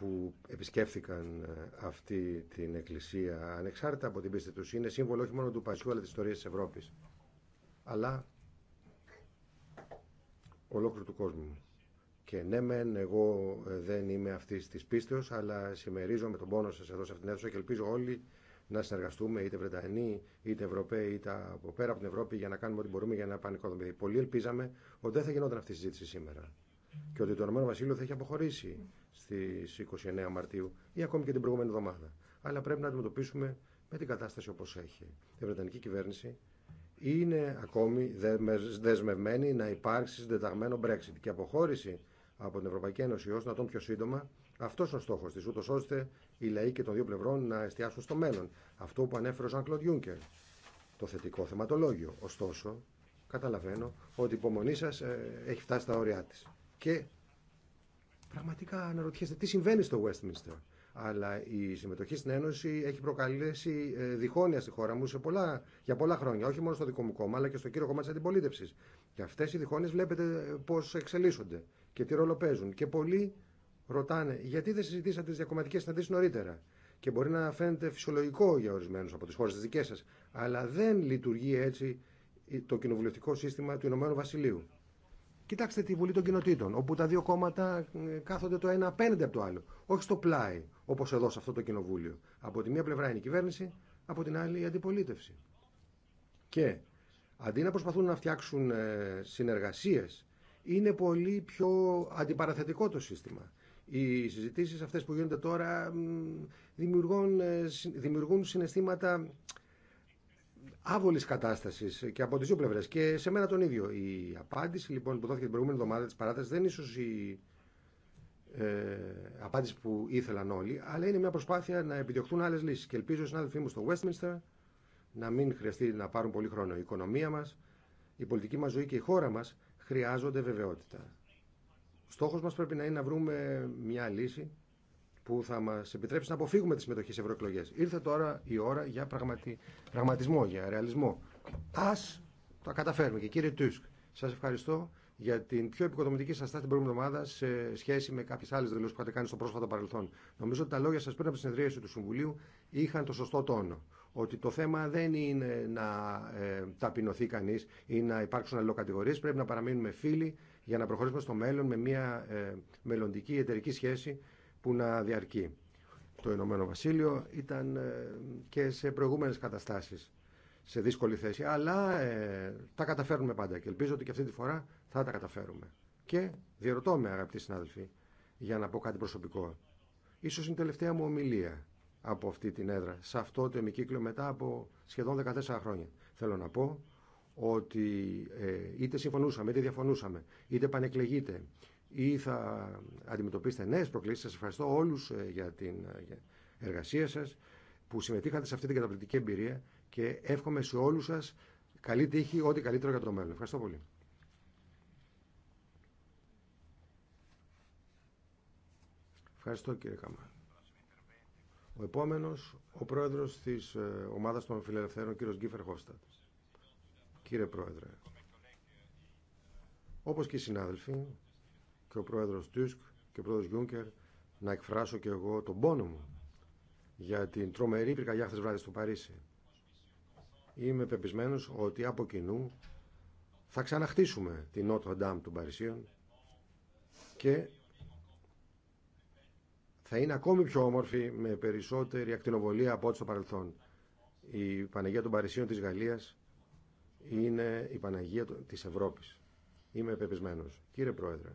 που επισκέφθηκαν ε, αυτή την εκκλησία ανεξάρτητα από την πίστη τους είναι σύμβολο όχι μόνο του Πασιού αλλά της ιστορίας της Ευρώπης αλλά ολόκληρου του κόσμου. Και ναι μεν εγώ ε, δεν είμαι αυτή τη πίστεως αλλά συμμερίζομαι τον πόνο σας εδώ σε αυτήν την αίθουσα και ελπίζω όλοι να συνεργαστούμε είτε Βρετανοί είτε Ευρωπαίοι είτε από πέρα από την Ευρώπη για να κάνουμε ό,τι μπορούμε για να πανικοδομηθεί. Δηλαδή, πολλοί ελπίζαμε ότι δεν θα γινόταν αυτή η συζήτηση σήμερα και ότι το Ηνωμένο Βασίλειο θα έχει αποχωρήσει Στι 29 Μαρτίου ή ακόμη και την προηγούμενη εβδομάδα. Αλλά πρέπει να αντιμετωπίσουμε με την κατάσταση όπω έχει. Η Βρετανική κυβέρνηση είναι ακόμη δεσμευμένη να υπάρξει συντεταγμένο Brexit και αποχώρηση από την Ευρωπαϊκή Ένωση ω να τον πιο σύντομα. Αυτό ο στόχο τη, ούτω ώστε οι λαοί και των δύο πλευρών να εστιάσουν στο μέλλον. Αυτό που ανέφερε ο Ζαν Κλοντ Γιούγκερ, το θετικό θεματολόγιο. Ωστόσο, καταλαβαίνω ότι η υπομονή σα ε, έχει φτάσει στα όρια τη. Και Πραγματικά αναρωτιέστε τι συμβαίνει στο Westminster. Αλλά η συμμετοχή στην Ένωση έχει προκαλέσει ε, διχόνοια στη χώρα μου σε πολλά, για πολλά χρόνια. Όχι μόνο στο δικό μου κόμμα, αλλά και στο κύριο κόμμα τη αντιπολίτευση. Και αυτέ οι διχόνοιε βλέπετε πώ εξελίσσονται και τι ρόλο παίζουν. Και πολλοί ρωτάνε γιατί δεν συζητήσατε τι διακομματικέ συναντήσει νωρίτερα. Και μπορεί να φαίνεται φυσιολογικό για ορισμένου από τι χώρε τη δική σα, αλλά δεν λειτουργεί έτσι το κοινοβουλευτικό σύστημα του Ηνωμένου Βασιλείου. Κοιτάξτε τη Βουλή των Κοινοτήτων, όπου τα δύο κόμματα ε, κάθονται το ένα απέναντι από το άλλο. Όχι στο πλάι, όπω εδώ σε αυτό το κοινοβούλιο. Από τη μία πλευρά είναι η κυβέρνηση, από την άλλη η αντιπολίτευση. Και αντί να προσπαθούν να φτιάξουν ε, συνεργασίε, είναι πολύ πιο αντιπαραθετικό το σύστημα. Οι συζητήσει αυτέ που γίνονται τώρα δημιουργούν, ε, δημιουργούν συναισθήματα άβολη κατάσταση και από τι δύο πλευρέ. και σε μένα τον ίδιο. Η απάντηση λοιπόν που δόθηκε την προηγούμενη εβδομάδα τη παράτασης δεν είναι ίσως η ε, απάντηση που ήθελαν όλοι, αλλά είναι μια προσπάθεια να επιδιωχθούν άλλε λύσει. και ελπίζω οι συνάδελφοί μου στο Westminster να μην χρειαστεί να πάρουν πολύ χρόνο. Η οικονομία μα, η πολιτική μα ζωή και η χώρα μα χρειάζονται βεβαιότητα. Στόχο στόχος μας πρέπει να είναι να βρούμε μια λύση που θα μα επιτρέψει να αποφύγουμε τη συμμετοχή σε ευρωεκλογέ. Ήρθε τώρα η ώρα για πραγματι... πραγματισμό, για ρεαλισμό. Α τα καταφέρουμε. Και κύριε Τούσκ, σα ευχαριστώ για την πιο επικοδομητική σα στάση την προηγούμενη εβδομάδα σε σχέση με κάποιε άλλε δηλώσει που είχατε κάνει στο πρόσφατο παρελθόν. Νομίζω ότι τα λόγια σα πριν από τη συνεδρίαση του Συμβουλίου είχαν το σωστό τόνο. Ότι το θέμα δεν είναι να ε, ταπεινωθεί κανεί ή να υπάρξουν αλληλοκατηγορίε. Πρέπει να παραμείνουμε φίλοι για να προχωρήσουμε στο μέλλον με μια ε, μελλοντική εταιρική σχέση που να διαρκεί. Το Ηνωμένο Βασίλειο ήταν ε, και σε προηγούμενες καταστάσεις σε δύσκολη θέση, αλλά ε, τα καταφέρνουμε πάντα και ελπίζω ότι και αυτή τη φορά θα τα καταφέρουμε. Και διαρωτώ με αγαπητοί συνάδελφοι, για να πω κάτι προσωπικό. Ίσως είναι η τελευταία μου ομιλία από αυτή την έδρα, σε αυτό το εμικύκλιο μετά από σχεδόν 14 χρόνια. Θέλω να πω ότι ε, είτε συμφωνούσαμε, είτε διαφωνούσαμε, είτε πανεκλεγείτε, ή θα αντιμετωπίσετε νέε προκλήσει. Σα ευχαριστώ όλου ε, για την ε, εργασία σα που συμμετείχατε σε αυτή την καταπληκτική εμπειρία και εύχομαι σε όλου σα καλή τύχη, ό,τι καλύτερο για το μέλλον. Ευχαριστώ πολύ. Ευχαριστώ κύριε Καμά. Ο επόμενος, ο πρόεδρος της ε, ομάδας των φιλελευθέρων, κύριος Γκίφερ Χόστατ. Κύριε Πρόεδρε, όπως και οι συνάδελφοι, και ο πρόεδρος Τούσκ και ο πρόεδρος Γιούνκερ να εκφράσω και εγώ τον πόνο μου για την τρομερή πυρκαγιά χθες βράδυ στο Παρίσι. Είμαι πεπισμένος ότι από κοινού θα ξαναχτίσουμε την Νότο Ντάμ των Παρισίων και θα είναι ακόμη πιο όμορφη με περισσότερη ακτινοβολία από ό,τι στο παρελθόν. Η Παναγία των Παρισίων της Γαλλίας είναι η Παναγία της Ευρώπης. Είμαι πεπισμένος. Κύριε Πρόεδρε,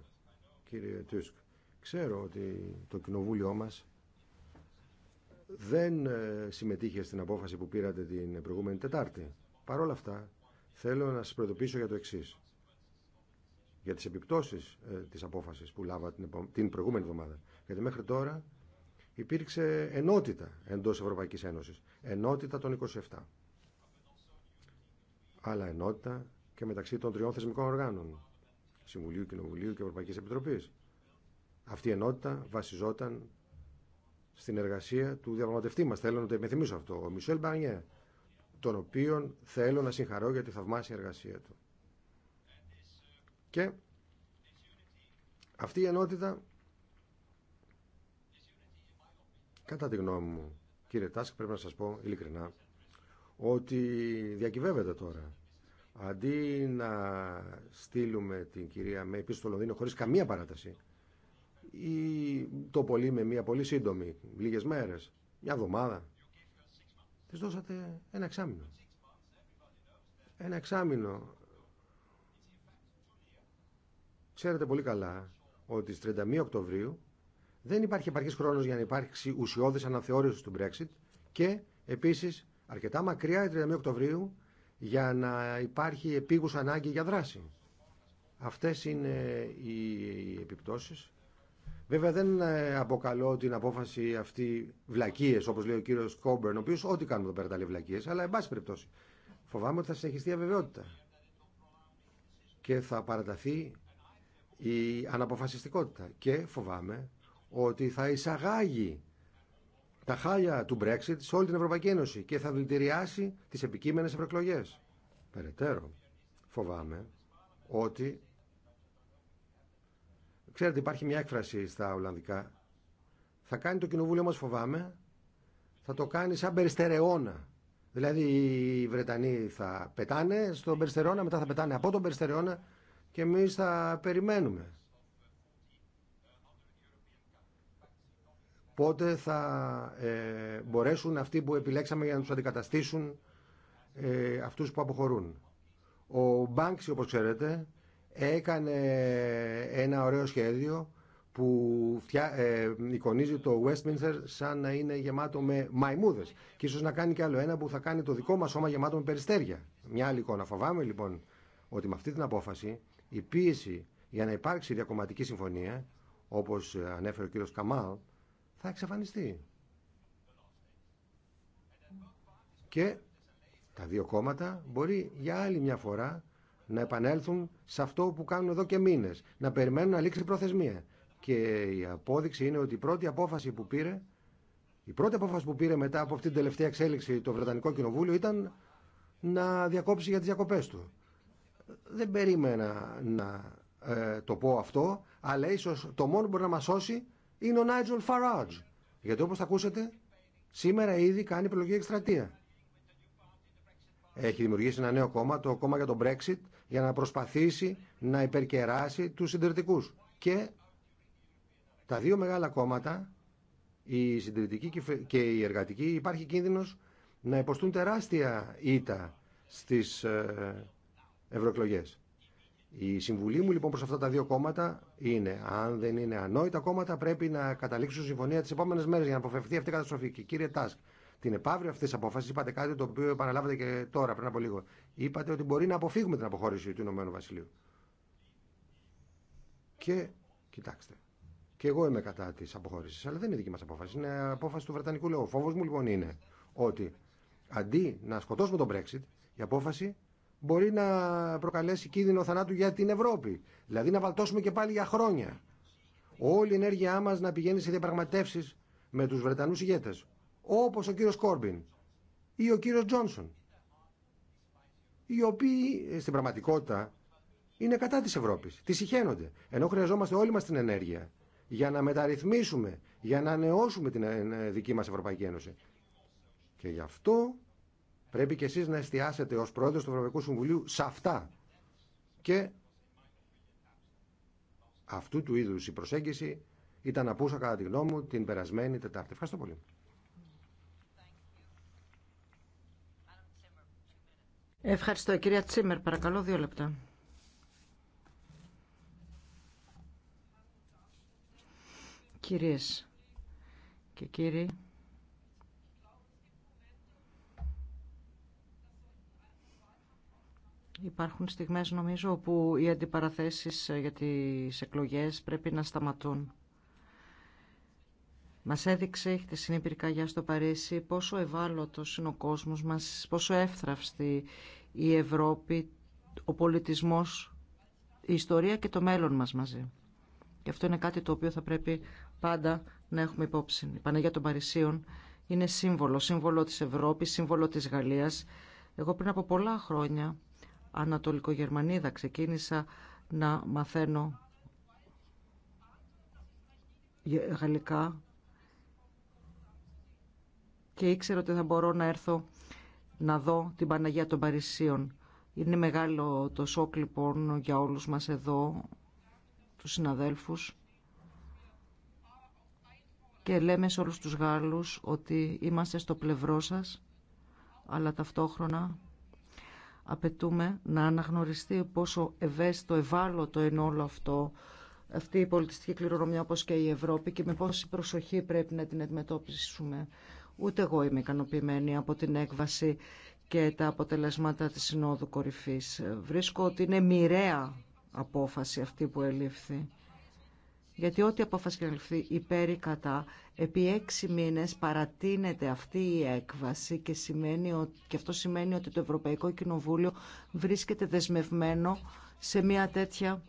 κύριε Τούσκ. Ξέρω ότι το κοινοβούλιο μας δεν ε, συμμετείχε στην απόφαση που πήρατε την προηγούμενη Τετάρτη. Παρ' όλα αυτά, θέλω να σας προειδοποιήσω για το εξής. Για τις επιπτώσεις ε, της απόφασης που λάβατε την, την προηγούμενη εβδομάδα. Γιατί μέχρι τώρα υπήρξε ενότητα εντός Ευρωπαϊκής Ένωσης. Ενότητα των 27. Αλλά ενότητα και μεταξύ των τριών θεσμικών οργάνων. Συμβουλίου, Κοινοβουλίου και Ευρωπαϊκή Επιτροπή. Αυτή η ενότητα βασιζόταν στην εργασία του διαπραγματευτή μας. Θέλω να το υπενθυμίσω αυτό. Ο Μισελ Μπαρνιέ, τον οποίον θέλω να συγχαρώ για τη θαυμάσια εργασία του. Και αυτή η ενότητα, κατά τη γνώμη μου, κύριε Τάσκ, πρέπει να σας πω ειλικρινά, ότι διακυβεύεται τώρα. Αντί να στείλουμε την κυρία με πίσω στο Λονδίνο χωρίς καμία παράταση ή το πολύ με μια πολύ σύντομη, λίγες μέρες, μια εβδομάδα, της δώσατε ένα εξάμεινο. Ένα εξάμεινο. Ξέρετε πολύ καλά ότι στις 31 Οκτωβρίου δεν υπάρχει επαρκή χρόνο για να υπάρξει ουσιώδη αναθεώρηση του Brexit και επίση αρκετά μακριά η 31 Οκτωβρίου για να υπάρχει επίγουσα ανάγκη για δράση. Αυτές είναι οι επιπτώσεις. Βέβαια δεν ε, αποκαλώ την απόφαση αυτή βλακίες, όπως λέει ο κύριος Κόμπερν, ο οποίος ό,τι κάνουμε εδώ πέρα τα λέει βλακίες, αλλά εν πάση περιπτώσει φοβάμαι ότι θα συνεχιστεί η αβεβαιότητα και θα παραταθεί η αναποφασιστικότητα και φοβάμαι ότι θα εισαγάγει τα χάλια του Brexit σε όλη την Ευρωπαϊκή Ένωση και θα δηλητηριάσει τις επικείμενες ευρωεκλογέ. Περαιτέρω, φοβάμαι ότι... Ξέρετε, υπάρχει μια έκφραση στα Ολλανδικά. Θα κάνει το κοινοβούλιο μας, φοβάμαι, θα το κάνει σαν περιστερεώνα. Δηλαδή οι Βρετανοί θα πετάνε στον περιστερεώνα, μετά θα πετάνε από τον περιστερεώνα και εμείς θα περιμένουμε. πότε θα ε, μπορέσουν αυτοί που επιλέξαμε για να τους αντικαταστήσουν ε, αυτούς που αποχωρούν. Ο Μπάνξι, όπως ξέρετε, έκανε ένα ωραίο σχέδιο που φτιά, ε, εικονίζει το Westminster σαν να είναι γεμάτο με μαϊμούδες και ίσως να κάνει και άλλο ένα που θα κάνει το δικό μας σώμα γεμάτο με περιστέρια. Μια άλλη εικόνα. Φοβάμαι λοιπόν ότι με αυτή την απόφαση η πίεση για να υπάρξει διακομματική συμφωνία, όπως ανέφερε ο κύριος Καμάλ, θα εξαφανιστεί. Και τα δύο κόμματα μπορεί για άλλη μια φορά να επανέλθουν σε αυτό που κάνουν εδώ και μήνες, να περιμένουν να λήξει η προθεσμία. Και η απόδειξη είναι ότι η πρώτη απόφαση που πήρε, η πρώτη απόφαση που πήρε μετά από αυτή την τελευταία εξέλιξη το Βρετανικό Κοινοβούλιο ήταν να διακόψει για τις διακοπές του. Δεν περίμενα να ε, το πω αυτό, αλλά ίσως το μόνο που μπορεί να μας σώσει είναι ο Νάιτζολ Φαράτζ. Γιατί όπως θα ακούσετε, σήμερα ήδη κάνει προλογική εκστρατεία. Έχει δημιουργήσει ένα νέο κόμμα, το κόμμα για τον Brexit, για να προσπαθήσει να υπερκεράσει τους συντηρητικούς. Και τα δύο μεγάλα κόμματα, η συντηρητική και η εργατική, υπάρχει κίνδυνος να υποστούν τεράστια ήττα στις ε, ευρωεκλογές. Η συμβουλή μου λοιπόν προ αυτά τα δύο κόμματα είναι αν δεν είναι ανόητα κόμματα πρέπει να καταλήξουν συμφωνία τι επόμενε μέρε για να αποφευθεί αυτή η καταστροφή. Και κύριε Τάσκ, την επαύριο αυτή τη απόφαση είπατε κάτι το οποίο επαναλάβατε και τώρα πριν από λίγο. Είπατε ότι μπορεί να αποφύγουμε την αποχώρηση του Ηνωμένου Βασιλείου. Και κοιτάξτε, και εγώ είμαι κατά τη αποχώρηση, αλλά δεν είναι δική μα απόφαση. Είναι απόφαση του Βρετανικού λαού. Φόβο μου λοιπόν είναι ότι αντί να σκοτώσουμε τον Brexit, η απόφαση μπορεί να προκαλέσει κίνδυνο θανάτου για την Ευρώπη. Δηλαδή να βαλτώσουμε και πάλι για χρόνια. Όλη η ενέργειά μα να πηγαίνει σε διαπραγματεύσει με του Βρετανού ηγέτε. Όπω ο κύριο Κόρμπιν ή ο κύριο Τζόνσον. Οι οποίοι στην πραγματικότητα είναι κατά τη Ευρώπη. Τη συχαίνονται. Ενώ χρειαζόμαστε όλοι μα την ενέργεια για να μεταρρυθμίσουμε, για να ανεώσουμε την ε, ε, δική μα Ευρωπαϊκή Ένωση. Και γι' αυτό Πρέπει και εσείς να εστιάσετε ως πρόεδρος του Ευρωπαϊκού Συμβουλίου σε αυτά. Και αυτού του είδους η προσέγγιση ήταν απούσα κατά τη γνώμη μου την περασμένη Τετάρτη. Ευχαριστώ πολύ. Ευχαριστώ. Κυρία Τσίμερ, παρακαλώ, δύο λεπτά. Κυρίες και κύριοι, Υπάρχουν στιγμές νομίζω όπου οι αντιπαραθέσεις ε, για τις εκλογές πρέπει να σταματούν. Μας έδειξε, η χτεσινή για στο Παρίσι, πόσο ευάλωτος είναι ο κόσμος μας, πόσο εύθραυστη η Ευρώπη, ο πολιτισμός, η ιστορία και το μέλλον μας μαζί. Και αυτό είναι κάτι το οποίο θα πρέπει πάντα να έχουμε υπόψη. Η Παναγία των Παρισίων είναι σύμβολο, σύμβολο της Ευρώπης, σύμβολο της Γαλλίας. Εγώ πριν από πολλά χρόνια Ανατολικογερμανίδα ξεκίνησα να μαθαίνω γαλλικά και ήξερα ότι θα μπορώ να έρθω να δω την Παναγία των Παρισίων. Είναι μεγάλο το σοκ λοιπόν για όλους μας εδώ, τους συναδέλφους. Και λέμε σε όλους τους Γάλλους ότι είμαστε στο πλευρό σας, αλλά ταυτόχρονα απαιτούμε να αναγνωριστεί πόσο ευαίσθητο, ευάλωτο είναι όλο αυτό αυτή η πολιτιστική κληρονομιά όπως και η Ευρώπη και με πόση προσοχή πρέπει να την αντιμετώπισουμε. Ούτε εγώ είμαι ικανοποιημένη από την έκβαση και τα αποτελέσματα της Συνόδου Κορυφής. Βρίσκω ότι είναι μοιραία απόφαση αυτή που ελήφθη γιατί ό,τι απόφαση και ληφθεί υπέρ ή κατά, επί έξι μήνες παρατείνεται αυτή η έκβαση και, σημαίνει και αυτό σημαίνει ότι το Ευρωπαϊκό Κοινοβούλιο βρίσκεται δεσμευμένο σε μια τέτοια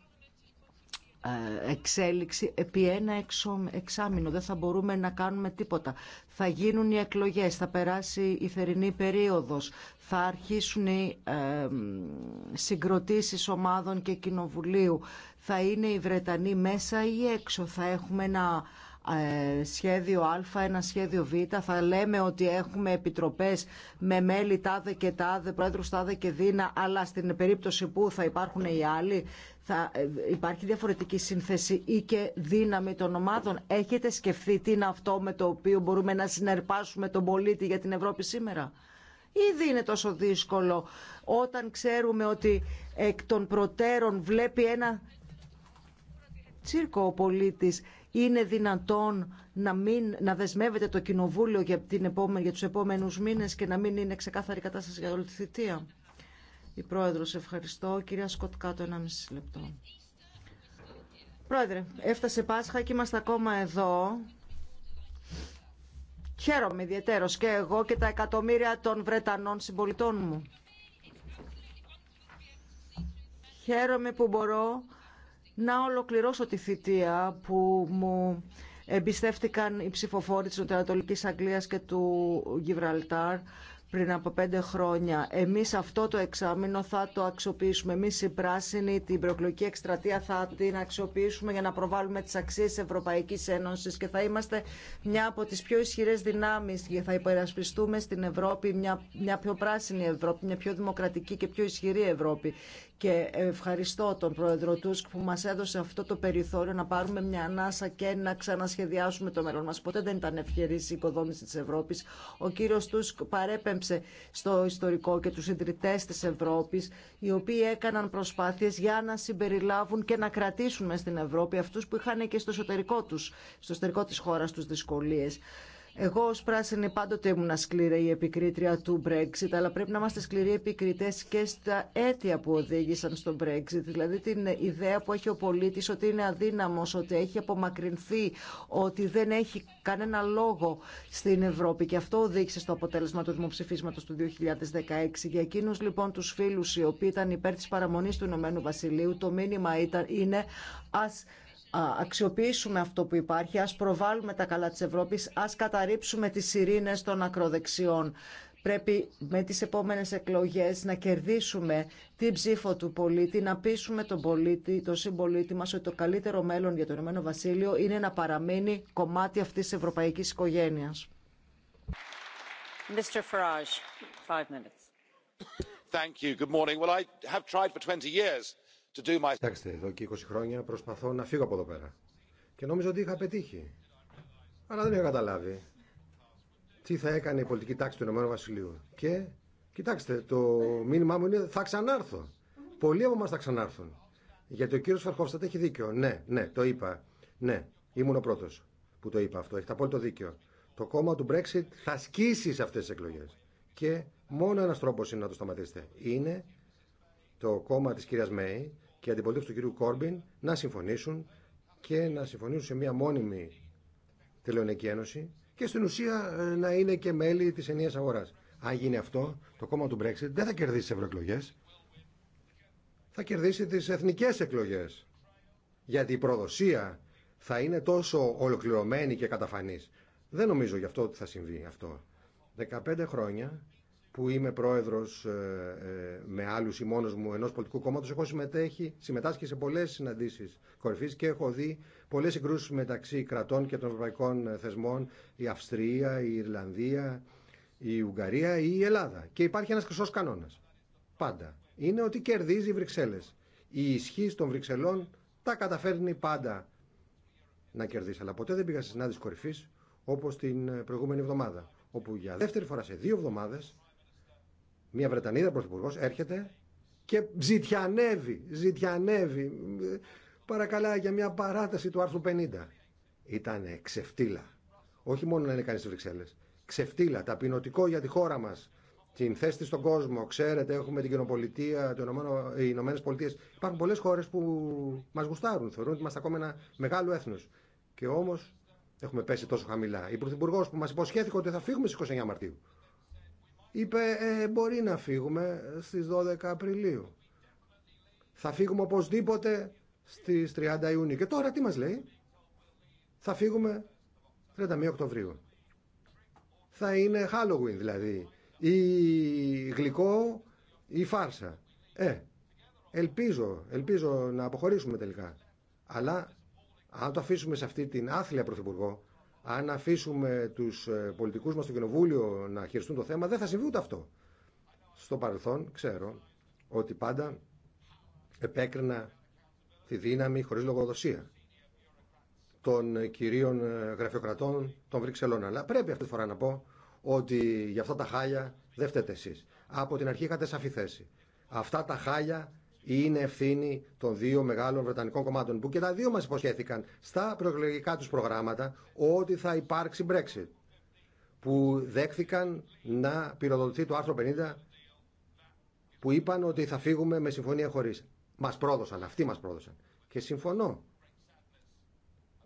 ε, εξέλιξη επί ένα εξο, εξάμεινο. Δεν θα μπορούμε να κάνουμε τίποτα. Θα γίνουν οι εκλογές, θα περάσει η θερινή περίοδος, θα αρχίσουν οι ε, συγκροτήσεις ομάδων και κοινοβουλίου, θα είναι οι Βρετανοί μέσα ή έξω, θα έχουμε ένα ε, σχέδιο Α, ένα σχέδιο Β. Θα λέμε ότι έχουμε επιτροπές με μέλη τάδε και τάδε, πρόεδρος τάδε και δίνα, αλλά στην περίπτωση που θα υπάρχουν οι άλλοι, θα ε, υπάρχει διαφορετική σύνθεση ή και δύναμη των ομάδων. Έχετε σκεφτεί τι είναι αυτό με το οποίο μπορούμε να συνερπάσουμε τον πολίτη για την Ευρώπη σήμερα. Ήδη είναι τόσο δύσκολο όταν ξέρουμε ότι εκ των προτέρων βλέπει ένα τσίρκο ο πολίτης είναι δυνατόν να, μην, να δεσμεύεται το Κοινοβούλιο για, την επόμενη, για τους επόμενους μήνες και να μην είναι ξεκάθαρη κατάσταση για όλη τη θητεία. Η Πρόεδρος, ευχαριστώ. Κυρία Σκοτκάτο, ένα μισή λεπτό. Πρόεδρε, έφτασε Πάσχα και είμαστε ακόμα εδώ. Χαίρομαι ιδιαίτερος και εγώ και τα εκατομμύρια των Βρετανών συμπολιτών μου. Χαίρομαι που μπορώ να ολοκληρώσω τη θητεία που μου εμπιστεύτηκαν οι ψηφοφόροι της Νοτιοανατολικής Αγγλίας και του Γιβραλτάρ πριν από πέντε χρόνια. Εμείς αυτό το εξάμεινο θα το αξιοποιήσουμε. Εμείς οι πράσινοι την προεκλογική εκστρατεία θα την αξιοποιήσουμε για να προβάλλουμε τις αξίες της Ευρωπαϊκής Ένωσης και θα είμαστε μια από τις πιο ισχυρές δυνάμεις και θα υπερασπιστούμε στην Ευρώπη μια, μια πιο πράσινη Ευρώπη, μια πιο δημοκρατική και πιο ισχυρή Ευρώπη και ευχαριστώ τον πρόεδρο Τούσκ που μας έδωσε αυτό το περιθώριο να πάρουμε μια ανάσα και να ξανασχεδιάσουμε το μέλλον μας. Ποτέ δεν ήταν ευχερής η οικοδόμηση της Ευρώπης. Ο κύριος Τούσκ παρέπεμψε στο ιστορικό και τους ιδρυτές της Ευρώπης οι οποίοι έκαναν προσπάθειες για να συμπεριλάβουν και να κρατήσουν στην Ευρώπη αυτούς που είχαν και στο εσωτερικό τους, στο εσωτερικό της χώρας τους δυσκολίες. Εγώ ω πράσινη πάντοτε ήμουν σκληρή επικρίτρια του Brexit, αλλά πρέπει να είμαστε σκληροί επικριτέ και στα αίτια που οδήγησαν στο Brexit. Δηλαδή την ιδέα που έχει ο πολίτη ότι είναι αδύναμο, ότι έχει απομακρυνθεί, ότι δεν έχει κανένα λόγο στην Ευρώπη. Και αυτό οδήγησε στο αποτέλεσμα του δημοψηφίσματο του 2016. Για εκείνου λοιπόν του φίλου οι οποίοι ήταν υπέρ τη παραμονή του Ηνωμένου Βασιλείου, το μήνυμα ήταν, είναι α αξιοποιήσουμε αυτό που υπάρχει, ας προβάλλουμε τα καλά της Ευρώπης, ας καταρρύψουμε τις ειρήνες των ακροδεξιών. Πρέπει με τις επόμενες εκλογές να κερδίσουμε την ψήφο του πολίτη, να πείσουμε τον πολίτη, τον συμπολίτη μας ότι το καλύτερο μέλλον για το Ηνωμένο Βασίλειο είναι να παραμείνει κομμάτι αυτής της ευρωπαϊκής οικογένειας. Mr. Farage, five minutes. Thank you. Good morning. Well, I have tried for 20 years Κοιτάξτε, εδώ και 20 χρόνια προσπαθώ να φύγω από εδώ πέρα. Και νόμιζα ότι είχα πετύχει. Αλλά δεν είχα καταλάβει τι θα έκανε η πολιτική τάξη του Ηνωμένου Βασιλείου. Και κοιτάξτε, το μήνυμά μου είναι θα ξανάρθω. Πολλοί από εμά θα ξανάρθουν. Γιατί ο κύριο Φαρχόφστατ έχει δίκιο. Ναι, ναι, το είπα. Ναι, ήμουν ο πρώτο που το είπα αυτό. Έχετε απόλυτο δίκιο. Το κόμμα του Brexit θα σκίσει σε αυτέ τι εκλογέ. Και μόνο ένα τρόπο είναι να το σταματήσετε. Είναι το κόμμα τη κυρία Μέη και η αντιπολίτευση του κ. Κόρμπιν να συμφωνήσουν και να συμφωνήσουν σε μια μόνιμη τελεωνική ένωση και στην ουσία ε, να είναι και μέλη τη ενιαία αγορά. Αν γίνει αυτό, το κόμμα του Brexit δεν θα κερδίσει τι ευρωεκλογέ. Θα κερδίσει τι εθνικέ εκλογέ. Γιατί η προδοσία θα είναι τόσο ολοκληρωμένη και καταφανής. Δεν νομίζω γι' αυτό ότι θα συμβεί αυτό. 15 χρόνια που είμαι πρόεδρος ε, ε, με άλλους ή μόνος μου ενός πολιτικού κόμματος, έχω συμμετέχει, συμμετάσχει σε πολλές συναντήσεις κορυφής και έχω δει πολλές συγκρούσεις μεταξύ κρατών και των ευρωπαϊκών ε, θεσμών, η Αυστρία, η Ιρλανδία, η Ουγγαρία ή η Ελλάδα. Και υπάρχει ένας χρυσός κανόνας. Πάντα. Είναι ότι κερδίζει οι Βρυξέλλες. Η ισχύ των Βρυξελών τα καταφέρνει πάντα να κερδίσει. Αλλά ποτέ δεν πήγα σε συνάντηση κορυφή όπω την προηγούμενη εβδομάδα. Όπου για δεύτερη φορά σε δύο εβδομάδε μια Βρετανίδα πρωθυπουργό έρχεται και ζητιανεύει, ζητιανεύει. Ε, παρακαλά για μια παράταση του άρθρου 50. Ήταν ξεφτύλα. Όχι μόνο να είναι κανεί στι Βρυξέλλε. Ξεφτύλα, ταπεινωτικό για τη χώρα μα. Την θέση στον κόσμο. Ξέρετε, έχουμε την κοινοπολιτεία, το οι Ηνωμένε Πολιτείε. Υπάρχουν πολλέ χώρε που μα γουστάρουν. Θεωρούν ότι είμαστε ακόμα ένα μεγάλο έθνο. Και όμω έχουμε πέσει τόσο χαμηλά. Η Πρωθυπουργό που μα υποσχέθηκε ότι θα φύγουμε στι 29 Μαρτίου είπε ε, μπορεί να φύγουμε στις 12 Απριλίου. Θα φύγουμε οπωσδήποτε στις 30 Ιουνίου. Και τώρα τι μας λέει. Θα φύγουμε 31 Οκτωβρίου. Θα είναι Halloween δηλαδή. Ή γλυκό ή φάρσα. Ε, ελπίζω, ελπίζω να αποχωρήσουμε τελικά. Αλλά αν το αφήσουμε σε αυτή την άθλια πρωθυπουργό αν αφήσουμε του ε, πολιτικού μα στο κοινοβούλιο να χειριστούν το θέμα, δεν θα συμβεί ούτε αυτό. Στο παρελθόν ξέρω ότι πάντα επέκρινα τη δύναμη χωρίς λογοδοσία των ε, κυρίων ε, γραφειοκρατών των Βρυξελών. Αλλά πρέπει αυτή τη φορά να πω ότι για αυτά τα χάλια δεν φταίτε εσεί. Από την αρχή είχατε σαφή θέση. Αυτά τα χάλια είναι ευθύνη των δύο μεγάλων Βρετανικών κομμάτων που και τα δύο μας υποσχέθηκαν στα προεκλογικά τους προγράμματα ότι θα υπάρξει Brexit που δέχθηκαν να πυροδοτηθεί το άρθρο 50 που είπαν ότι θα φύγουμε με συμφωνία χωρίς. Μας πρόδωσαν, αυτοί μας πρόδωσαν. Και συμφωνώ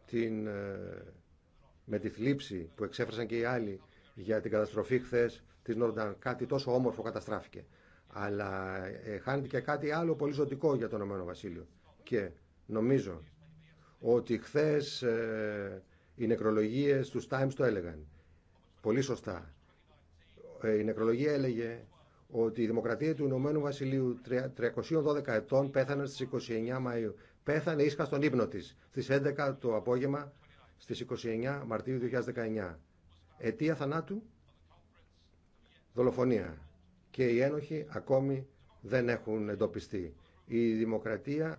την, ε, με τη θλίψη που εξέφρασαν και οι άλλοι για την καταστροφή χθε της Νορνταν. Κάτι τόσο όμορφο καταστράφηκε αλλά ε, χάνεται και κάτι άλλο πολύ ζωτικό για το Ηνωμένο Βασίλειο. Και νομίζω ότι χθε ε, οι νεκρολογίε του Times το έλεγαν. Πολύ σωστά. Ε, η νεκρολογία έλεγε ότι η δημοκρατία του Ηνωμένου Βασιλείου 312 ετών πέθανε στις 29 Μαΐου. Πέθανε ίσχα στον ύπνο της στις 11 το απόγευμα στις 29 Μαρτίου 2019. Αιτία θανάτου, δολοφονία και οι ένοχοι ακόμη δεν έχουν εντοπιστεί. Η δημοκρατία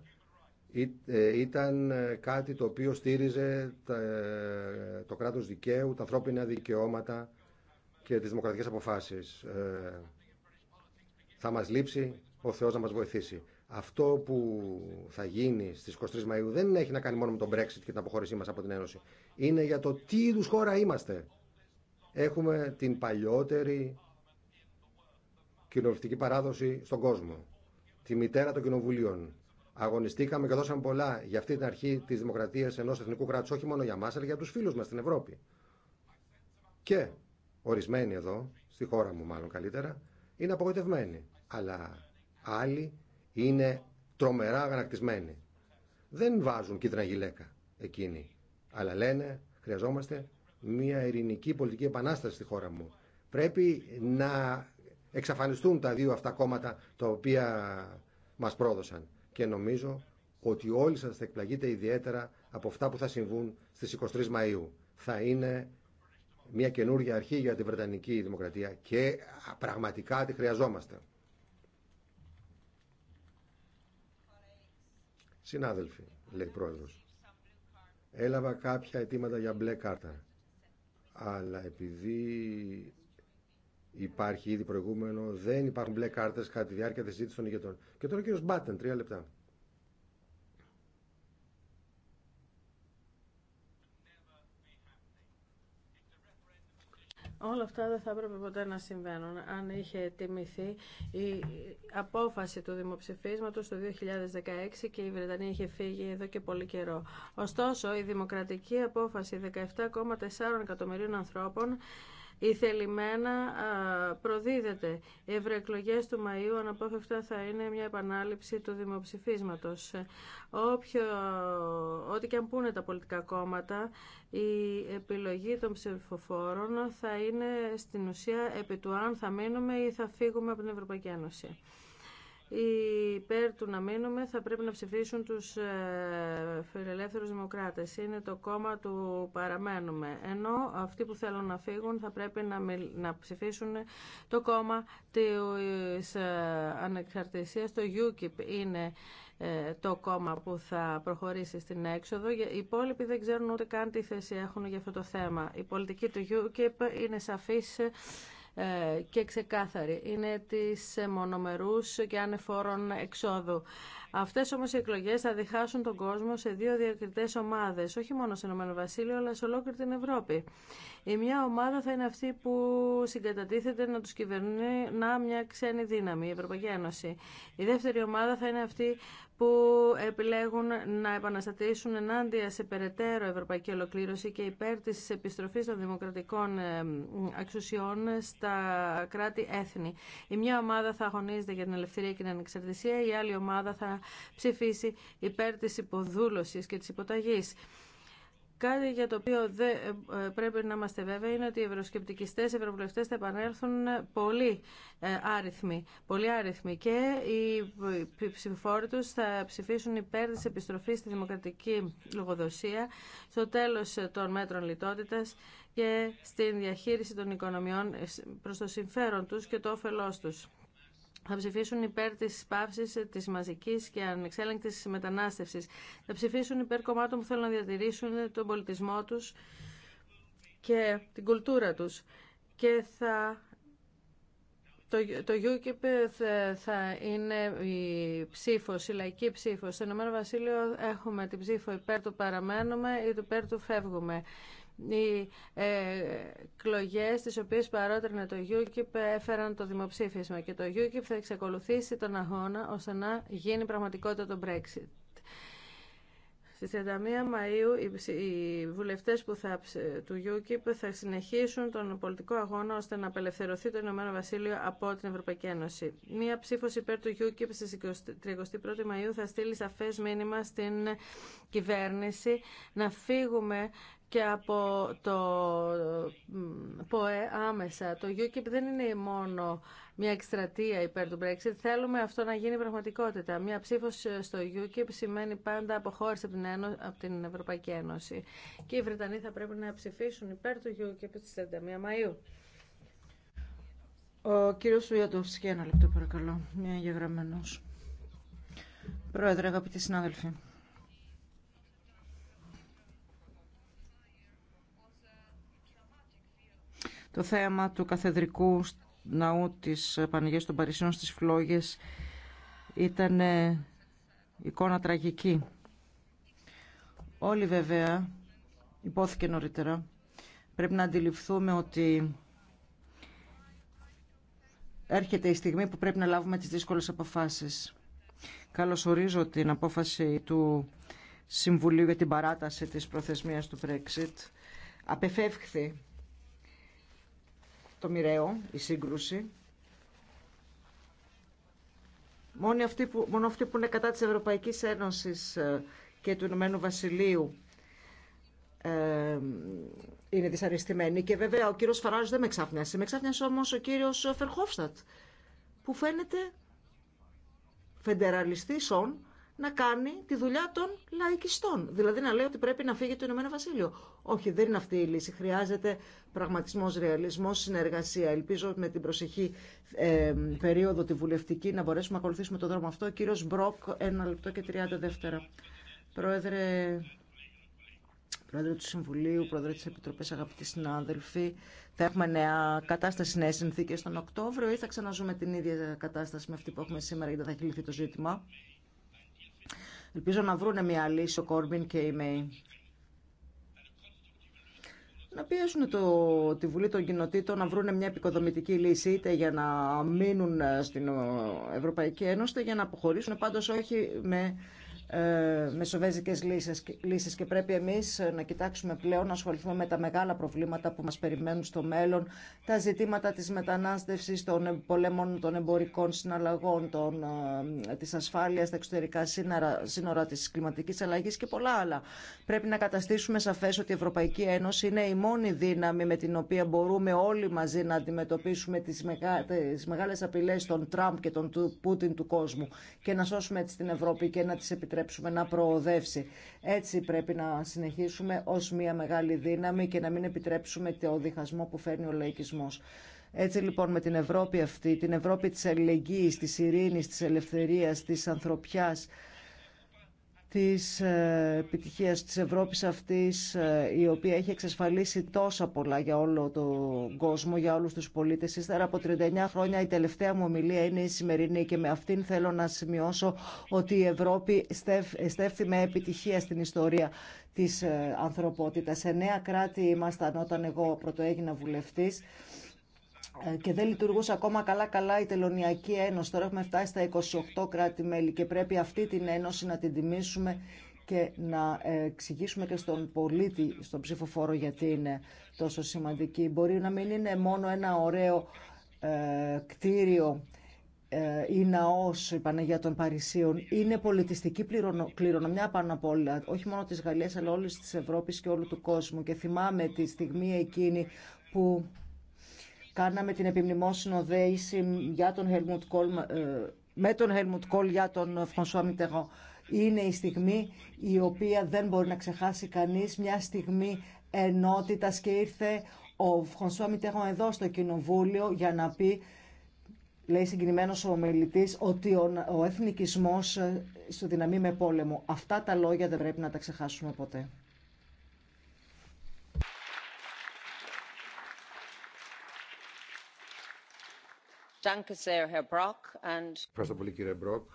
ε, ήταν ε, κάτι το οποίο στήριζε ε, το κράτος δικαίου, τα ανθρώπινα δικαιώματα και τις δημοκρατικές αποφάσεις. Θα μας λείψει ο Θεός να μας βοηθήσει. Αυτό που θα γίνει στις 23 Μαΐου δεν έχει να κάνει μόνο με τον Brexit και την αποχώρησή μας από την Ένωση. Είναι για το τι είδους χώρα είμαστε. Έχουμε την παλιότερη κοινοβουλευτική παράδοση στον κόσμο. Τη μητέρα των κοινοβουλίων. Αγωνιστήκαμε και δώσαμε πολλά για αυτή την αρχή τη δημοκρατία ενό εθνικού κράτου, όχι μόνο για εμά, αλλά για του φίλου μα στην Ευρώπη. Και ορισμένοι εδώ, στη χώρα μου μάλλον καλύτερα, είναι απογοητευμένοι. Αλλά άλλοι είναι τρομερά αγανακτισμένοι. Δεν βάζουν κίτρινα γυλαίκα εκείνοι. Αλλά λένε, χρειαζόμαστε μια ειρηνική πολιτική επανάσταση στη χώρα μου. Πρέπει να εξαφανιστούν τα δύο αυτά κόμματα τα οποία μας πρόδωσαν. Και νομίζω ότι όλοι σας θα εκπλαγείτε ιδιαίτερα από αυτά που θα συμβούν στις 23 Μαΐου. Θα είναι μια καινούργια αρχή για τη Βρετανική Δημοκρατία και πραγματικά τη χρειαζόμαστε. Συνάδελφοι, λέει πρόεδρος, έλαβα κάποια αιτήματα για μπλε κάρτα. Αλλά επειδή Υπάρχει ήδη προηγούμενο, δεν υπάρχουν μπλε κάρτε κατά τη διάρκεια τη συζήτηση των ηγετών. Και τώρα ο κύριο Μπάτεν, τρία λεπτά. Όλα αυτά δεν θα έπρεπε ποτέ να συμβαίνουν. Αν είχε τιμηθεί η απόφαση του δημοψηφίσματος το 2016 και η Βρετανία είχε φύγει εδώ και πολύ καιρό. Ωστόσο, η δημοκρατική απόφαση 17,4 εκατομμυρίων ανθρώπων η θελημένα προδίδεται. Οι ευρωεκλογέ του Μαΐου αναπόφευκτα θα είναι μια επανάληψη του δημοψηφίσματος. Όποιο, ό,τι και αν πούνε τα πολιτικά κόμματα, η επιλογή των ψηφοφόρων θα είναι στην ουσία επί του αν θα μείνουμε ή θα φύγουμε από την Ευρωπαϊκή Ένωση υπέρ του να μείνουμε θα πρέπει να ψηφίσουν τους ε, φιλελεύθερους δημοκράτες. Είναι το κόμμα του παραμένουμε. Ενώ αυτοί που θέλουν να φύγουν θα πρέπει να, ψηφίσουν το κόμμα της ε, ανεξαρτησίας. Το UKIP είναι ε, το κόμμα που θα προχωρήσει στην έξοδο. Οι υπόλοιποι δεν ξέρουν ούτε καν τι θέση έχουν για αυτό το θέμα. Η πολιτική του UKIP είναι σαφής ε, και ξεκάθαρη. Είναι της μονομερούς και ανεφόρων εξόδου. Αυτέ όμω οι εκλογέ θα διχάσουν τον κόσμο σε δύο διακριτές ομάδε, όχι μόνο στο Ηνωμένο Βασίλειο, αλλά σε ολόκληρη την Ευρώπη. Η μια ομάδα θα είναι αυτή που συγκατατίθεται να του κυβερνεί να μια ξένη δύναμη, η Ευρωπαϊκή Ένωση. Η δεύτερη ομάδα θα είναι αυτή που επιλέγουν να επαναστατήσουν ενάντια σε περαιτέρω ευρωπαϊκή ολοκλήρωση και υπέρ τη επιστροφή των δημοκρατικών ε, αξουσιών στα κράτη-έθνη. Η μια ομάδα θα αγωνίζεται για την ελευθερία και την ανεξαρτησία, η άλλη ομάδα θα ψηφίσει υπέρ της υποδούλωσης και της υποταγής. Κάτι για το οποίο ε, ε, πρέπει να είμαστε βέβαιοι είναι ότι οι ευρωσκεπτικιστέ, οι ευρωβουλευτέ θα επανέλθουν πολύ ε, άριθμοι, πολύ άριθμοι και οι ψηφοφόροι του θα ψηφίσουν υπέρ τη επιστροφή στη δημοκρατική λογοδοσία, στο τέλο των μέτρων λιτότητα και στην διαχείριση των οικονομιών προ το συμφέρον του και το όφελό του θα ψηφίσουν υπέρ τη πάυση τη μαζική και ανεξέλεγκτη μετανάστευση. Θα ψηφίσουν υπέρ κομμάτων που θέλουν να διατηρήσουν τον πολιτισμό του και την κουλτούρα του. Και θα το, UKIP θα, είναι η ψήφο, η λαϊκή ψήφο. Στο Ηνωμένο Βασίλειο έχουμε την ψήφο υπέρ του παραμένουμε ή του υπέρ του φεύγουμε οι ε, εκλογέ τι οποίε παρότρινε το UKIP έφεραν το δημοψήφισμα και το UKIP θα εξακολουθήσει τον αγώνα ώστε να γίνει πραγματικότητα το Brexit. Στι 31 Μαου οι βουλευτέ του UKIP θα συνεχίσουν τον πολιτικό αγώνα ώστε να απελευθερωθεί το Ηνωμένο Βασίλειο από την Ευρωπαϊκή Ένωση. Μία ψήφο υπέρ του UKIP στις 31 Μαου θα στείλει σαφέ μήνυμα στην κυβέρνηση να φύγουμε και από το ΠΟΕ άμεσα. Το UKIP δεν είναι μόνο μια εκστρατεία υπέρ του Brexit. Θέλουμε αυτό να γίνει πραγματικότητα. Μια ψήφο στο UKIP σημαίνει πάντα αποχώρηση από την, από την Ευρωπαϊκή Ένωση. Και οι Βρετανοί θα πρέπει να ψηφίσουν υπέρ του UKIP στις 31 Μαΐου. Ο κύριος και ένα λεπτό παρακαλώ. Μια εγγεγραμμένος. Πρόεδρε, αγαπητοί συνάδελφοι. Το θέμα του καθεδρικού ναού της Πανηγίας των Παρισιών στις Φλόγες ήταν ε, εικόνα τραγική. Όλοι βέβαια, υπόθηκε νωρίτερα, πρέπει να αντιληφθούμε ότι έρχεται η στιγμή που πρέπει να λάβουμε τις δύσκολες αποφάσεις. Καλωσορίζω την απόφαση του Συμβουλίου για την παράταση της προθεσμίας του Brexit. Απεφεύχθη το μοιραίο, η σύγκρουση. Μόνο αυτοί που, μόνο αυτοί που είναι κατά της Ευρωπαϊκής Ένωσης ε, και του Ηνωμένου Βασιλείου ε, είναι δυσαρεστημένοι. Και βέβαια ο κύριος Φαράζος δεν με ξάφνιασε. Με ξάφνιασε όμως ο κύριος Φερχόφστατ, που φαίνεται φεντεραλιστής όν, να κάνει τη δουλειά των λαϊκιστών. Δηλαδή να λέει ότι πρέπει να φύγει το Ηνωμένο Βασίλειο. Όχι, δεν είναι αυτή η λύση. Χρειάζεται πραγματισμό, ρεαλισμό, συνεργασία. Ελπίζω με την προσεχή ε, περίοδο τη βουλευτική να μπορέσουμε να ακολουθήσουμε τον δρόμο αυτό. κύριο Μπροκ, ένα λεπτό και 30 δεύτερα. Πρόεδρε, Πρόεδρε του Συμβουλίου, Πρόεδρε τη Επιτροπή, αγαπητοί συνάδελφοι, θα έχουμε νέα κατάσταση, νέε συνθήκε τον Οκτώβριο ή θα ξαναζούμε την ίδια κατάσταση με αυτή που έχουμε σήμερα γιατί θα έχει λυθεί το ζήτημα. Ελπίζω να βρούνε μια λύση ο Κόρμπιν και η Μέη. Να πιέσουν το, τη Βουλή των Κοινοτήτων να βρούνε μια επικοδομητική λύση είτε για να μείνουν στην Ευρωπαϊκή Ένωση είτε για να αποχωρήσουν πάντως όχι με ε, μεσοβέζικες λύσεις, λύσεις και πρέπει εμείς να κοιτάξουμε πλέον να ασχοληθούμε με τα μεγάλα προβλήματα που μας περιμένουν στο μέλλον, τα ζητήματα της μετανάστευσης, των πολέμων των εμπορικών συναλλαγών, των, ε, της ασφάλειας τα εξωτερικά σύνορα, σύνορα της κλιματικής αλλαγής και πολλά άλλα. Πρέπει να καταστήσουμε σαφές ότι η Ευρωπαϊκή Ένωση είναι η μόνη δύναμη με την οποία μπορούμε όλοι μαζί να αντιμετωπίσουμε τις, μεγά, τις μεγάλες απειλές των Τραμπ και των του Πούτιν του κόσμου και να σώσουμε έτσι την Ευρώπη και να τις επιτρέψουμε επιτρέψουμε να προοδεύσει. Έτσι πρέπει να συνεχίσουμε ως μια μεγάλη δύναμη και να μην επιτρέψουμε το διχασμό που φέρνει ο λαϊκισμός. Έτσι λοιπόν με την Ευρώπη αυτή, την Ευρώπη της αλληλεγγύης, της ειρήνης, της ελευθερίας, της ανθρωπιάς, της ε, επιτυχίας της Ευρώπης αυτής ε, η οποία έχει εξασφαλίσει τόσα πολλά για όλο τον κόσμο, για όλους τους πολίτες. Ύστερα από 39 χρόνια η τελευταία μου ομιλία είναι η σημερινή και με αυτήν θέλω να σημειώσω ότι η Ευρώπη στέφθη με επιτυχία στην ιστορία της ε, ανθρωπότητας. Σε νέα κράτη ήμασταν όταν εγώ πρωτοέγινα βουλευτής. Ε, και δεν λειτουργούσε ακόμα καλά-καλά η Τελωνιακή Ένωση. Τώρα έχουμε φτάσει στα 28 κράτη-μέλη και πρέπει αυτή την ένωση να την τιμήσουμε και να ε, εξηγήσουμε και στον πολίτη, στον ψηφοφόρο γιατί είναι τόσο σημαντική. Μπορεί να μην είναι μόνο ένα ωραίο ε, κτίριο ή ε, ναός η Παναγία των Παρισίων είναι πολιτιστική κληρονομιά πάνω απ' όλα, όχι μόνο της Γαλλίας αλλά όλης της Ευρώπης και όλου του κόσμου. Και θυμάμαι τη στιγμή εκείνη που Κάναμε την επιμνημόσυνο δέηση για τον Helmut ε, με τον Helmut Kohl για τον François Μιτερό. Είναι η στιγμή η οποία δεν μπορεί να ξεχάσει κανείς, μια στιγμή ενότητας και ήρθε ο François Μιτερό εδώ στο Κοινοβούλιο για να πει λέει συγκινημένο ο ομιλητή, ότι ο, ο εθνικισμό ε, στο δυναμεί με πόλεμο. Αυτά τα λόγια δεν πρέπει να τα ξεχάσουμε ποτέ. Ευχαριστώ πολύ κύριε Μπροκ.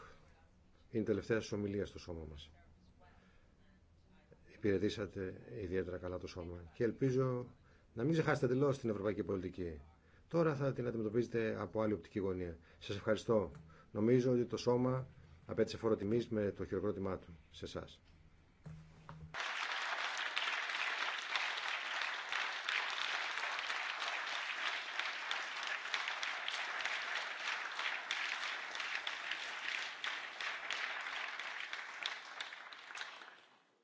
Είναι τελευταία σας ομιλία στο σώμα μας. Υπηρετήσατε ιδιαίτερα καλά το σώμα και ελπίζω να μην ξεχάσετε τελώς την ευρωπαϊκή πολιτική. Τώρα θα την αντιμετωπίζετε από άλλη οπτική γωνία. Σας ευχαριστώ. Νομίζω ότι το σώμα απέτυσε φόρο τιμής με το χειροκρότημά του σε εσά.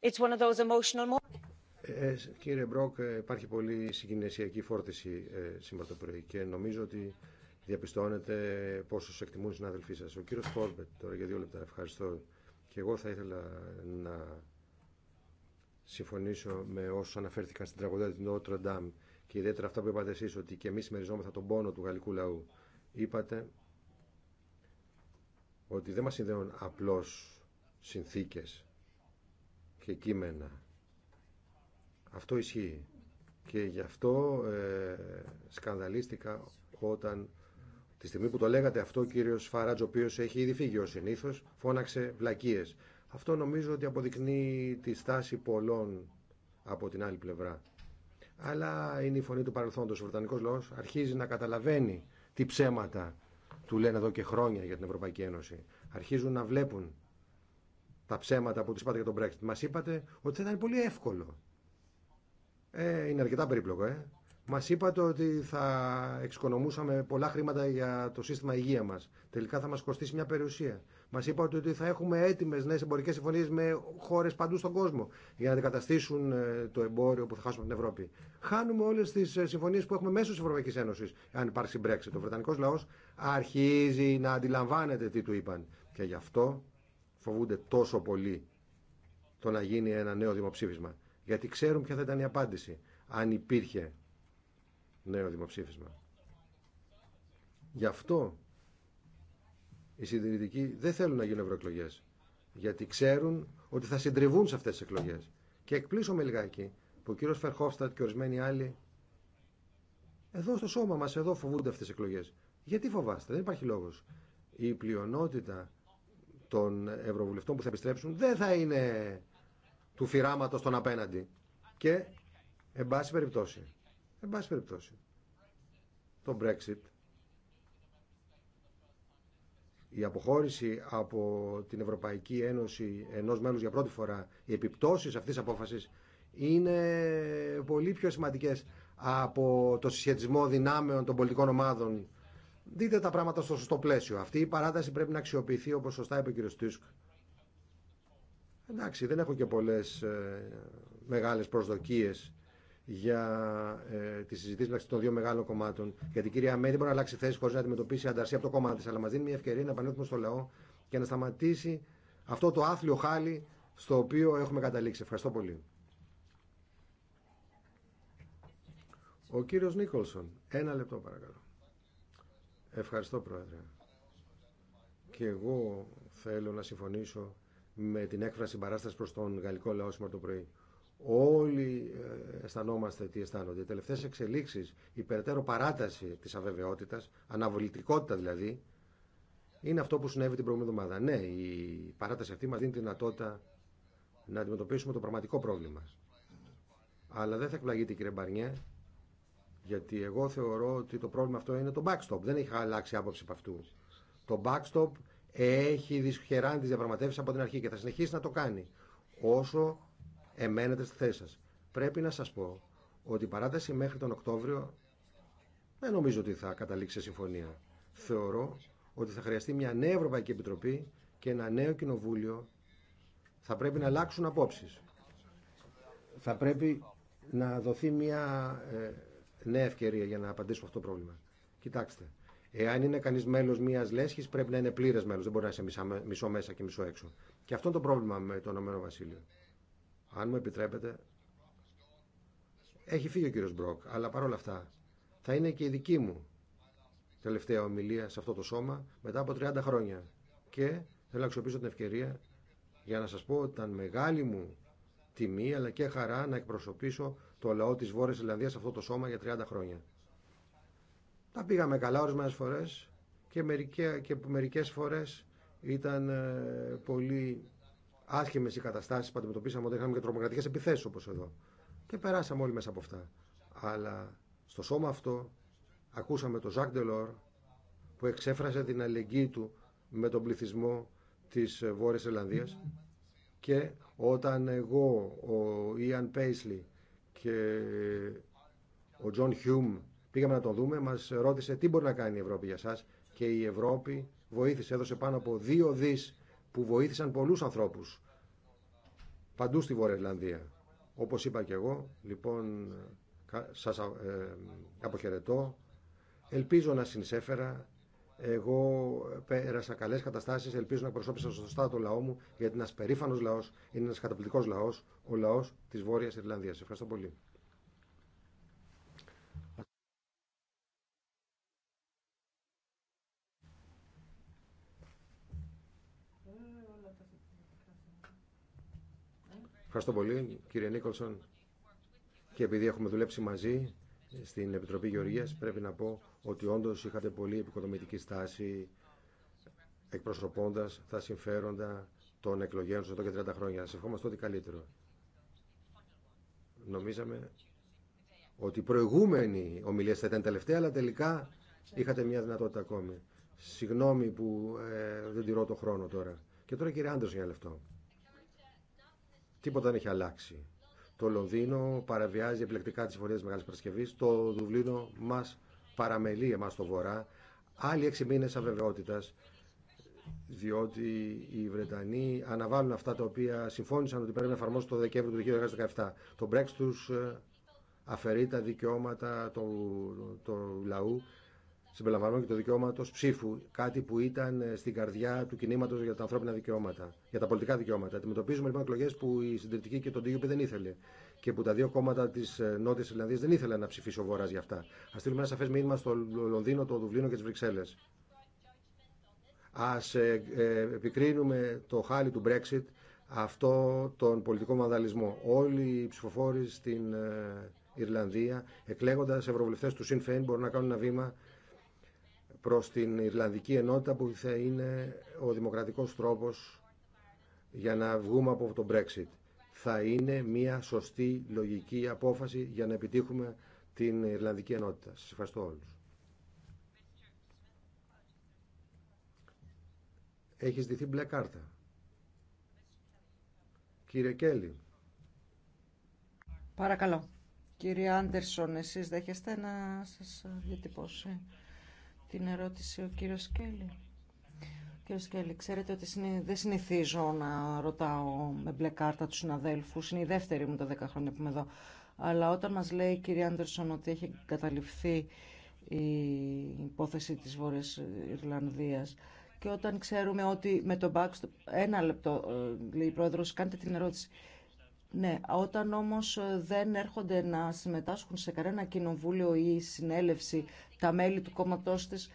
It's one of those emotional ε, ε, κύριε Μπρόκ, ε, υπάρχει πολύ συγκινησιακή φόρτιση ε, σήμερα το πρωί και νομίζω ότι διαπιστώνετε πόσο εκτιμούν οι συνάδελφοί σα. Ο κύριο Κόρμπετ, τώρα για δύο λεπτά, ευχαριστώ. Και εγώ θα ήθελα να συμφωνήσω με όσου αναφέρθηκαν στην τραγωδία του Νότρο Ντάμ και ιδιαίτερα αυτά που είπατε εσεί, ότι και εμεί μεριζόμεθα τον πόνο του γαλλικού λαού. Είπατε ότι δεν μα συνδέουν απλώ συνθήκες και κείμενα. Αυτό ισχύει. Και γι' αυτό ε, σκανδαλίστηκα όταν τη στιγμή που το λέγατε αυτό ο κύριος Φαράτζ, ο οποίος έχει ήδη φύγει ως συνήθως, φώναξε βλακίες. Αυτό νομίζω ότι αποδεικνύει τη στάση πολλών από την άλλη πλευρά. Αλλά είναι η φωνή του παρελθόντος. Ο Βρετανικός Λόγος αρχίζει να καταλαβαίνει τι ψέματα του λένε εδώ και χρόνια για την Ευρωπαϊκή Ένωση. Αρχίζουν να βλέπουν τα ψέματα που τις είπατε για τον Brexit. Μας είπατε ότι θα ήταν πολύ εύκολο. Ε, είναι αρκετά περίπλοκο, ε. Μας είπατε ότι θα εξοικονομούσαμε πολλά χρήματα για το σύστημα υγεία μας. Τελικά θα μας κοστίσει μια περιουσία. Μας είπατε ότι θα έχουμε έτοιμες νέες εμπορικές συμφωνίες με χώρες παντού στον κόσμο για να αντικαταστήσουν ε, το εμπόριο που θα χάσουμε από την Ευρώπη. Χάνουμε όλες τις ε, συμφωνίες που έχουμε μέσω της Ευρωπαϊκής Ένωσης, αν υπάρξει Brexit. Ο Βρετανικός λαός αρχίζει να αντιλαμβάνεται τι του είπαν. Και γι' αυτό φοβούνται τόσο πολύ το να γίνει ένα νέο δημοψήφισμα. Γιατί ξέρουν ποια θα ήταν η απάντηση αν υπήρχε νέο δημοψήφισμα. Γι' αυτό οι συντηρητικοί δεν θέλουν να γίνουν ευρωεκλογέ. Γιατί ξέρουν ότι θα συντριβούν σε αυτέ τι εκλογέ. Και εκπλήσω με λιγάκι που ο κύριο Φερχόφστατ και ορισμένοι άλλοι εδώ στο σώμα μα, εδώ φοβούνται αυτέ τι εκλογέ. Γιατί φοβάστε, δεν υπάρχει λόγο. Η πλειονότητα των ευρωβουλευτών που θα επιστρέψουν δεν θα είναι του φυράματος των απέναντι. Και, εν πάση περιπτώσει, εν περιπτώσει, το Brexit, η αποχώρηση από την Ευρωπαϊκή Ένωση ενός μέλους για πρώτη φορά, οι επιπτώσεις αυτής της απόφασης είναι πολύ πιο σημαντικές από το συσχετισμό δυνάμεων των πολιτικών ομάδων δείτε τα πράγματα στο σωστό πλαίσιο. Αυτή η παράταση πρέπει να αξιοποιηθεί όπως σωστά είπε ο κ. Τούσκ. Εντάξει, δεν έχω και πολλές ε, μεγάλες προσδοκίες για ε, τη συζήτηση μεταξύ των δύο μεγάλων κομμάτων. Γιατί η κυρία Μέρη μπορεί να αλλάξει θέση χωρί να αντιμετωπίσει ανταρσία από το κόμμα τη, αλλά μα δίνει μια ευκαιρία να επανέλθουμε στο λαό και να σταματήσει αυτό το άθλιο χάλι στο οποίο έχουμε καταλήξει. Ευχαριστώ πολύ. Ο κύριος Νίκολσον, ένα λεπτό παρακαλώ. Ευχαριστώ Πρόεδρε. Και εγώ θέλω να συμφωνήσω με την έκφραση παράσταση προς τον γαλλικό λαό σήμερα το πρωί. Όλοι ε, αισθανόμαστε τι αισθάνονται. Οι τελευταίες εξελίξεις, η περαιτέρω παράταση της αβεβαιότητας, αναβολητικότητα δηλαδή, είναι αυτό που συνέβη την προηγούμενη εβδομάδα. Ναι, η παράταση αυτή μα δίνει τη δυνατότητα να αντιμετωπίσουμε το πραγματικό πρόβλημα. Αλλά δεν θα εκπλαγείτε κύριε Μπαρνιέ γιατί εγώ θεωρώ ότι το πρόβλημα αυτό είναι το backstop. Δεν είχα αλλάξει άποψη από αυτού. Το backstop έχει δυσχεράνει τι διαπραγματεύσει από την αρχή και θα συνεχίσει να το κάνει όσο εμένετε στη θέση σα. Πρέπει να σα πω ότι η παράταση μέχρι τον Οκτώβριο δεν νομίζω ότι θα καταλήξει σε συμφωνία. Θεωρώ ότι θα χρειαστεί μια νέα Ευρωπαϊκή Επιτροπή και ένα νέο Κοινοβούλιο. Θα πρέπει να αλλάξουν απόψει. Θα πρέπει να δοθεί μια ε, νέα ευκαιρία για να απαντήσουμε αυτό το πρόβλημα. Κοιτάξτε, εάν είναι κανεί μέλο μια λέσχη, πρέπει να είναι πλήρε μέλο. Δεν μπορεί να είσαι μισό μέσα και μισό έξω. Και αυτό είναι το πρόβλημα με το Ηνωμένο Βασίλειο. Αν μου επιτρέπετε. Έχει φύγει ο κύριο Μπροκ, αλλά παρόλα αυτά θα είναι και η δική μου τελευταία ομιλία σε αυτό το σώμα μετά από 30 χρόνια. Και θέλω να αξιοποιήσω την ευκαιρία για να σας πω ότι ήταν μεγάλη μου τιμή αλλά και χαρά να εκπροσωπήσω το λαό της Βόρειας Ιρλανδίας σε αυτό το σώμα για 30 χρόνια. Τα πήγαμε καλά ορισμένε φορές και, μερικέ, και μερικές φορές ήταν ε, πολύ άσχημες οι καταστάσεις που αντιμετωπίσαμε όταν είχαμε και τρομοκρατικές επιθέσεις όπως εδώ. Και περάσαμε όλοι μέσα από αυτά. Αλλά στο σώμα αυτό ακούσαμε τον Ζακ Ντελόρ που εξέφρασε την αλληλεγγύη του με τον πληθυσμό της ε, Βόρειας Ιρλανδίας και όταν εγώ, ο Ιαν Πέισλι και ο Τζον Χιούμ πήγαμε να τον δούμε, μας ρώτησε τι μπορεί να κάνει η Ευρώπη για σας και η Ευρώπη βοήθησε, έδωσε πάνω από δύο δις που βοήθησαν πολλούς ανθρώπους παντού στη Βόρεια Όπως είπα και εγώ, λοιπόν, σας ε, αποχαιρετώ. Ελπίζω να συνεισέφερα εγώ πέρασα καλέ καταστάσει. Ελπίζω να προσώπησα σωστά το λαό μου, γιατί είναι ένα περήφανο λαό, είναι ένα καταπληκτικό λαό, ο λαό τη Βόρεια Ιρλανδία. Ευχαριστώ πολύ. Ευχαριστώ πολύ, κύριε Νίκολσον. Και επειδή έχουμε δουλέψει μαζί, στην Επιτροπή Γεωργίας πρέπει να πω ότι όντως είχατε πολύ επικοδομητική στάση εκπροσωπώντας τα συμφέροντα των εκλογέων εδώ και 30 χρόνια. Σε ευχόμαστε ότι καλύτερο. Νομίζαμε ότι οι προηγούμενοι ομιλίες θα ήταν τελευταία, αλλά τελικά είχατε μια δυνατότητα ακόμη. Συγγνώμη που ε, δεν τηρώ το χρόνο τώρα. Και τώρα κύριε Άντερσον για λεφτό. Τίποτα δεν έχει αλλάξει. Το Λονδίνο παραβιάζει επιλεκτικά τις συμφωνίες Μεγάλης Παρασκευής. Το Δουβλίνο μας παραμελεί εμάς το Βορρά. Άλλοι έξι μήνες αβεβαιότητας διότι οι Βρετανοί αναβάλουν αυτά τα οποία συμφώνησαν ότι πρέπει να εφαρμόσουν το Δεκέμβριο του 2017. Το Brexit τους ε, αφαιρεί τα δικαιώματα του, του λαού συμπεριλαμβανόμενο και το δικαιώματο ψήφου, κάτι που ήταν ε, στην καρδιά του κινήματο για τα ανθρώπινα δικαιώματα, για τα πολιτικά δικαιώματα. Αντιμετωπίζουμε λοιπόν εκλογέ που η συντηρητική και το DUP δεν ήθελε και που τα δύο κόμματα τη ε, Νότια Ιρλανδία δεν ήθελαν να ψηφίσει ο Βορρά για αυτά. Α στείλουμε ένα σαφέ μήνυμα στο Λονδίνο, το Δουβλίνο και τι Βρυξέλλε. Α ε, επικρίνουμε το χάλι του Brexit αυτό τον πολιτικό μανδαλισμό. Όλοι οι ψηφοφόροι στην Ιρλανδία, εκλέγοντα ευρωβουλευτέ του Sinn Féin, μπορούν να κάνουν ένα βήμα προς την Ιρλανδική ενότητα που θα είναι ο δημοκρατικός τρόπος για να βγούμε από το Brexit. Θα είναι μια σωστή λογική απόφαση για να επιτύχουμε την Ιρλανδική ενότητα. Σας ευχαριστώ όλους. Έχει ζητηθεί μπλε κάρτα. Κύριε Κέλλη. Παρακαλώ. Κύριε Άντερσον, εσείς δέχεστε να σας διατυπώσει την ερώτηση ο κύριος Σκέλη. Κύριε Σκέλη, ξέρετε ότι δεν συνηθίζω να ρωτάω με μπλε κάρτα του συναδέλφου. Είναι η δεύτερη μου τα δέκα χρόνια που είμαι εδώ. Αλλά όταν μας λέει η κυρία Άντερσον ότι έχει καταληφθεί η υπόθεση της Βόρειας Ιρλανδίας και όταν ξέρουμε ότι με τον backstop... Ένα λεπτό, ε, λέει η Πρόεδρος, κάντε την ερώτηση. Ναι, όταν όμως ε, δεν έρχονται να συμμετάσχουν σε κανένα κοινοβούλιο ή συνέλευση τα μέλη του κόμματός της.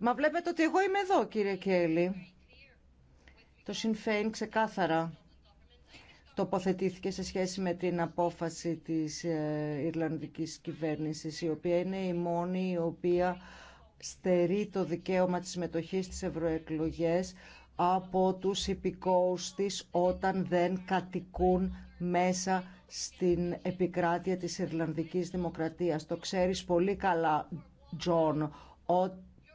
Μα βλέπετε ότι εγώ είμαι εδώ, κύριε Κέλλη. Το Σινφέιν ξεκάθαρα τοποθετήθηκε σε σχέση με την απόφαση της ε, Ιρλανδικής κυβέρνησης, η οποία είναι η μόνη η οποία στερεί το δικαίωμα της συμμετοχής στις ευρωεκλογές από τους υπηκόους της όταν δεν κατοικούν μέσα στην επικράτεια της Ιρλανδικής Δημοκρατίας. Το ξέρεις πολύ καλά, Τζον,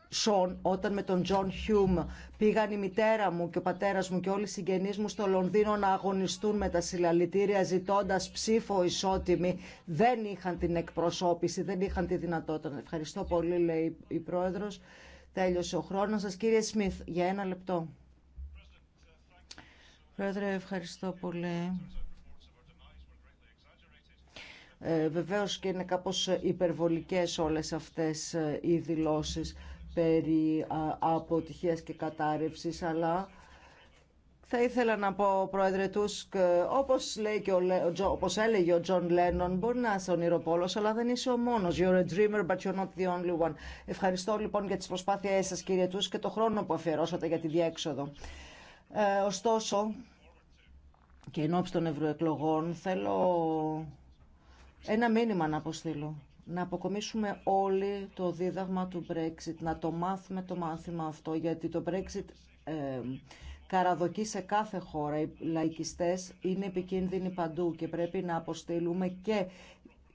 Σον, όταν με τον Τζον Χιούμ πήγαν η μητέρα μου και ο πατέρας μου και όλοι οι συγγενεί μου στο Λονδίνο να αγωνιστούν με τα συλλαλητήρια ζητώντας ψήφο ισότιμη, δεν είχαν την εκπροσώπηση, δεν είχαν τη δυνατότητα. Ευχαριστώ πολύ, λέει η πρόεδρος. Τέλειωσε ο χρόνο σας. Κύριε Σμιθ, για ένα λεπτό. Πρόεδρε, ευχαριστώ πολύ. Ε, βεβαίως και είναι κάπως υπερβολικές όλες αυτές ε, οι δηλώσεις περί αποτυχίας και κατάρρευσης, αλλά θα ήθελα να πω, Πρόεδρε Τούσκ, ε, όπως, λέει και ο, όπως έλεγε ο Τζον Λένον, μπορεί να είσαι ονειροπόλος, αλλά δεν είσαι ο μόνος. You're a dreamer, but you're not the only one. Ευχαριστώ λοιπόν για τις προσπάθειές σας, κύριε Τούσκ, και το χρόνο που αφιερώσατε για τη διέξοδο. Ε, ωστόσο, και εν των ευρωεκλογών, θέλω ένα μήνυμα να αποστείλω. Να αποκομίσουμε όλοι το δίδαγμα του Brexit, να το μάθουμε το μάθημα αυτό, γιατί το Brexit ε, καραδοκεί σε κάθε χώρα. Οι λαϊκιστές είναι επικίνδυνοι παντού και πρέπει να αποστείλουμε και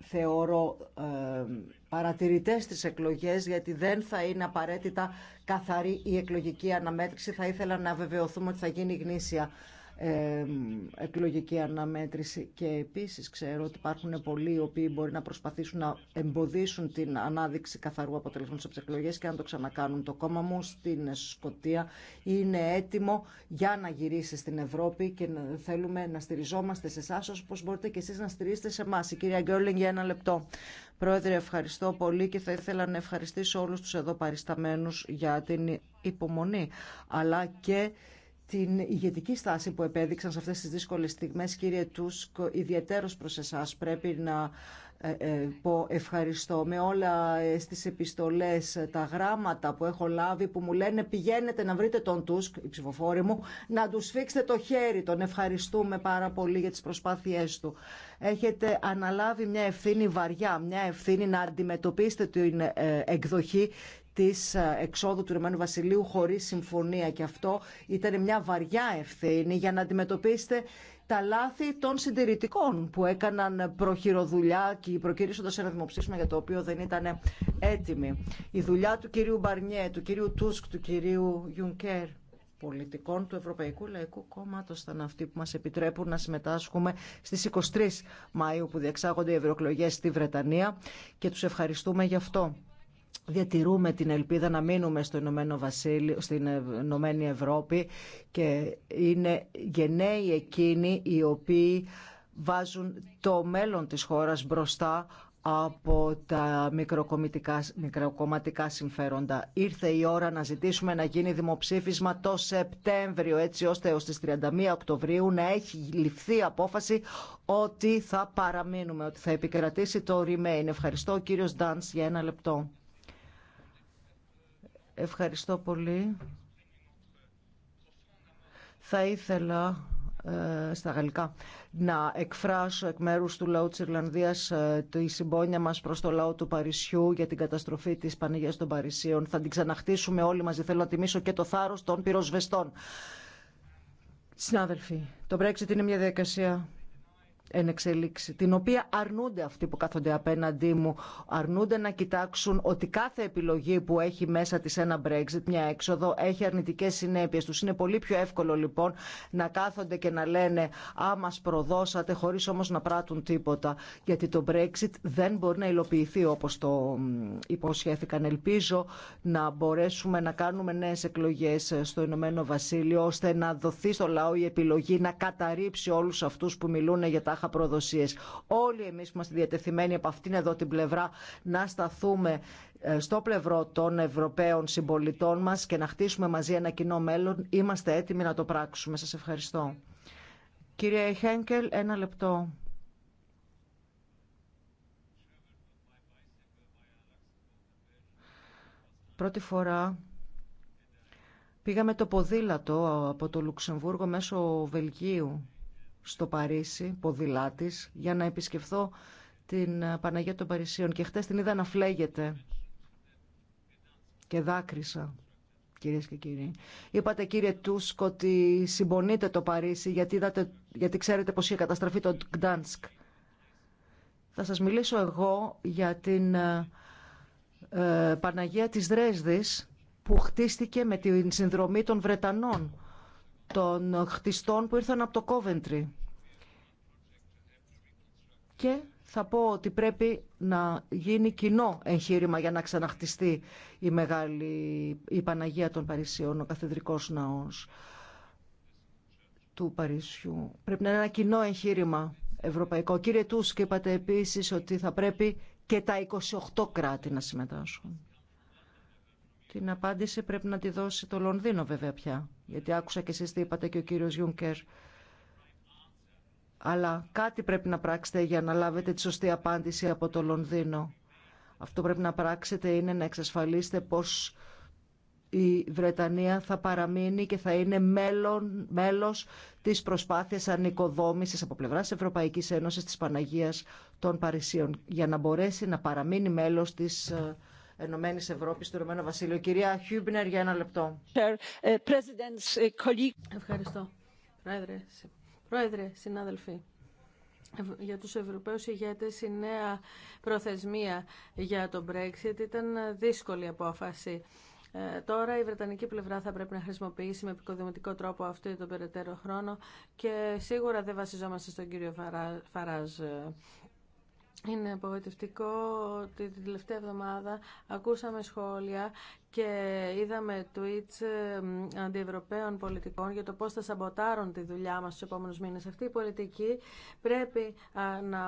θεωρώ ε, παρατηρητές στις εκλογές γιατί δεν θα είναι απαραίτητα καθαρή η εκλογική αναμέτρηση. Θα ήθελα να βεβαιωθούμε ότι θα γίνει γνήσια εκλογική αναμέτρηση και επίσης ξέρω ότι υπάρχουν πολλοί οι οποίοι μπορεί να προσπαθήσουν να εμποδίσουν την ανάδειξη καθαρού αποτελεσμού από τις εκλογές και αν το ξανακάνουν το κόμμα μου στην Σκοτία είναι έτοιμο για να γυρίσει στην Ευρώπη και θέλουμε να στηριζόμαστε σε εσά όπως μπορείτε και εσείς να στηρίζετε σε εμά. Η κυρία Γκέρλινγκ για ένα λεπτό. Πρόεδρε, ευχαριστώ πολύ και θα ήθελα να ευχαριστήσω όλους τους εδώ παρισταμένους για την υπομονή, αλλά και την ηγετική στάση που επέδειξαν σε αυτές τις δύσκολες στιγμές, κύριε Τούσκ, ιδιαίτερος προς εσάς πρέπει να ε, ε, πω ευχαριστώ με όλα ε, στις επιστολές, τα γράμματα που έχω λάβει που μου λένε πηγαίνετε να βρείτε τον Τούσκ, η μου, να του σφίξετε το χέρι, τον ευχαριστούμε πάρα πολύ για τις προσπάθειές του. Έχετε αναλάβει μια ευθύνη βαριά, μια ευθύνη να αντιμετωπίσετε την εκδοχή της ε, εξόδου του Ρωμανού Βασιλείου χωρίς συμφωνία και αυτό ήταν μια βαριά ευθύνη για να αντιμετωπίσετε τα λάθη των συντηρητικών που έκαναν προχειροδουλειά και προκυρήσοντας ένα δημοψήφισμα για το οποίο δεν ήταν έτοιμοι. Η δουλειά του κυρίου Μπαρνιέ, του κυρίου Τούσκ, του κυρίου Γιουνκέρ πολιτικών του Ευρωπαϊκού Λαϊκού Κόμματος ήταν αυτοί που μας επιτρέπουν να συμμετάσχουμε στις 23 Μαΐου που διεξάγονται οι ευρωεκλογές στη Βρετανία και τους ευχαριστούμε γι' αυτό διατηρούμε την ελπίδα να μείνουμε στο Ηνωμένο Βασίλειο, στην ε, Ηνωμένη Ευρώπη και είναι γενναίοι εκείνοι οι οποίοι βάζουν το μέλλον της χώρας μπροστά από τα μικροκομματικά συμφέροντα. Ήρθε η ώρα να ζητήσουμε να γίνει δημοψήφισμα το Σεπτέμβριο, έτσι ώστε έως τις 31 Οκτωβρίου να έχει ληφθεί απόφαση ότι θα παραμείνουμε, ότι θα επικρατήσει το Remain. Ευχαριστώ, κύριος Ντάνς, για ένα λεπτό. Ευχαριστώ πολύ. Θα ήθελα ε, στα γαλλικά να εκφράσω εκ μέρους του λαού της Ιρλανδίας ε, τη συμπόνια μας προς το λαό του Παρισιού για την καταστροφή της Πανηγίας των Παρισίων. Θα την ξαναχτίσουμε όλοι μαζί. Θέλω να τιμήσω και το θάρρος των πυροσβεστών. Συνάδελφοι, το Brexit είναι μια διαδικασία εν την οποία αρνούνται αυτοί που κάθονται απέναντί μου, αρνούνται να κοιτάξουν ότι κάθε επιλογή που έχει μέσα της ένα Brexit, μια έξοδο, έχει αρνητικές συνέπειες τους. Είναι πολύ πιο εύκολο λοιπόν να κάθονται και να λένε «Α, μας προδώσατε» χωρίς όμως να πράττουν τίποτα, γιατί το Brexit δεν μπορεί να υλοποιηθεί όπως το υποσχέθηκαν. Ελπίζω να μπορέσουμε να κάνουμε νέες εκλογές ε, στο Ηνωμένο Βασίλειο, ώστε να δοθεί στο λαό η επιλογή να καταρρύψει όλους αυτούς που μιλούν για τα μονάχα Όλοι εμεί που είμαστε διατεθειμένοι από αυτήν εδώ την πλευρά να σταθούμε ε, στο πλευρό των Ευρωπαίων συμπολιτών μα και να χτίσουμε μαζί ένα κοινό μέλλον, είμαστε έτοιμοι να το πράξουμε. Σα ευχαριστώ. Κύριε Χένκελ, ένα λεπτό. Πρώτη φορά πήγαμε το ποδήλατο από το Λουξεμβούργο μέσω Βελγίου στο Παρίσι, ποδηλάτης, για να επισκεφθώ την ε, Παναγία των Παρισίων και χτες την είδα να φλέγεται και δάκρυσα. Κυρίες και κύριοι, είπατε κύριε Τούσκ ότι συμπονείτε το Παρίσι γιατί, είδατε, γιατί ξέρετε πως είχε καταστραφεί το Γκάνσκ. Θα σας μιλήσω εγώ για την ε, ε, Παναγία της Δρέσδης που χτίστηκε με την συνδρομή των Βρετανών των χτιστών που ήρθαν από το Κόβεντρι. Και θα πω ότι πρέπει να γίνει κοινό εγχείρημα για να ξαναχτιστεί η μεγάλη η Παναγία των Παρισιών, ο καθεδρικός ναός του Παρισιού. Πρέπει να είναι ένα κοινό εγχείρημα ευρωπαϊκό. Κύριε Τούσκ, είπατε επίσης ότι θα πρέπει και τα 28 κράτη να συμμετάσχουν. Την απάντηση πρέπει να τη δώσει το Λονδίνο βέβαια πια. Γιατί άκουσα και εσείς τι είπατε και ο κύριος Γιούνκερ. Αλλά κάτι πρέπει να πράξετε για να λάβετε τη σωστή απάντηση από το Λονδίνο. Αυτό πρέπει να πράξετε είναι να εξασφαλίσετε πως η Βρετανία θα παραμείνει και θα είναι μέλον, μέλος της προσπάθειας ανοικοδόμησης από πλευράς Ευρωπαϊκής Ένωσης της Παναγίας των Παρισίων για να μπορέσει να παραμείνει μέλος της ε, Ενωμένης Ευρώπης, του Ρωμένο Βασίλειο. Κυρία Χιούμπνερ, για ένα λεπτό. Eh, eh, Ευχαριστώ. Πρόεδρε, Πρόεδρε συνάδελφοι. Για τους Ευρωπαίους ηγέτες η νέα προθεσμία για τον Brexit ήταν δύσκολη απόφαση. Ε, τώρα η Βρετανική πλευρά θα πρέπει να χρησιμοποιήσει με επικοδημητικό τρόπο αυτό τον περαιτέρω χρόνο και σίγουρα δεν βασιζόμαστε στον κύριο Φαράζ. Είναι απογοητευτικό ότι την τελευταία εβδομάδα ακούσαμε σχόλια και είδαμε tweets ε, αντιευρωπαίων πολιτικών για το πώς θα σαμποτάρουν τη δουλειά μας στους επόμενους μήνες. Αυτή η πολιτική πρέπει να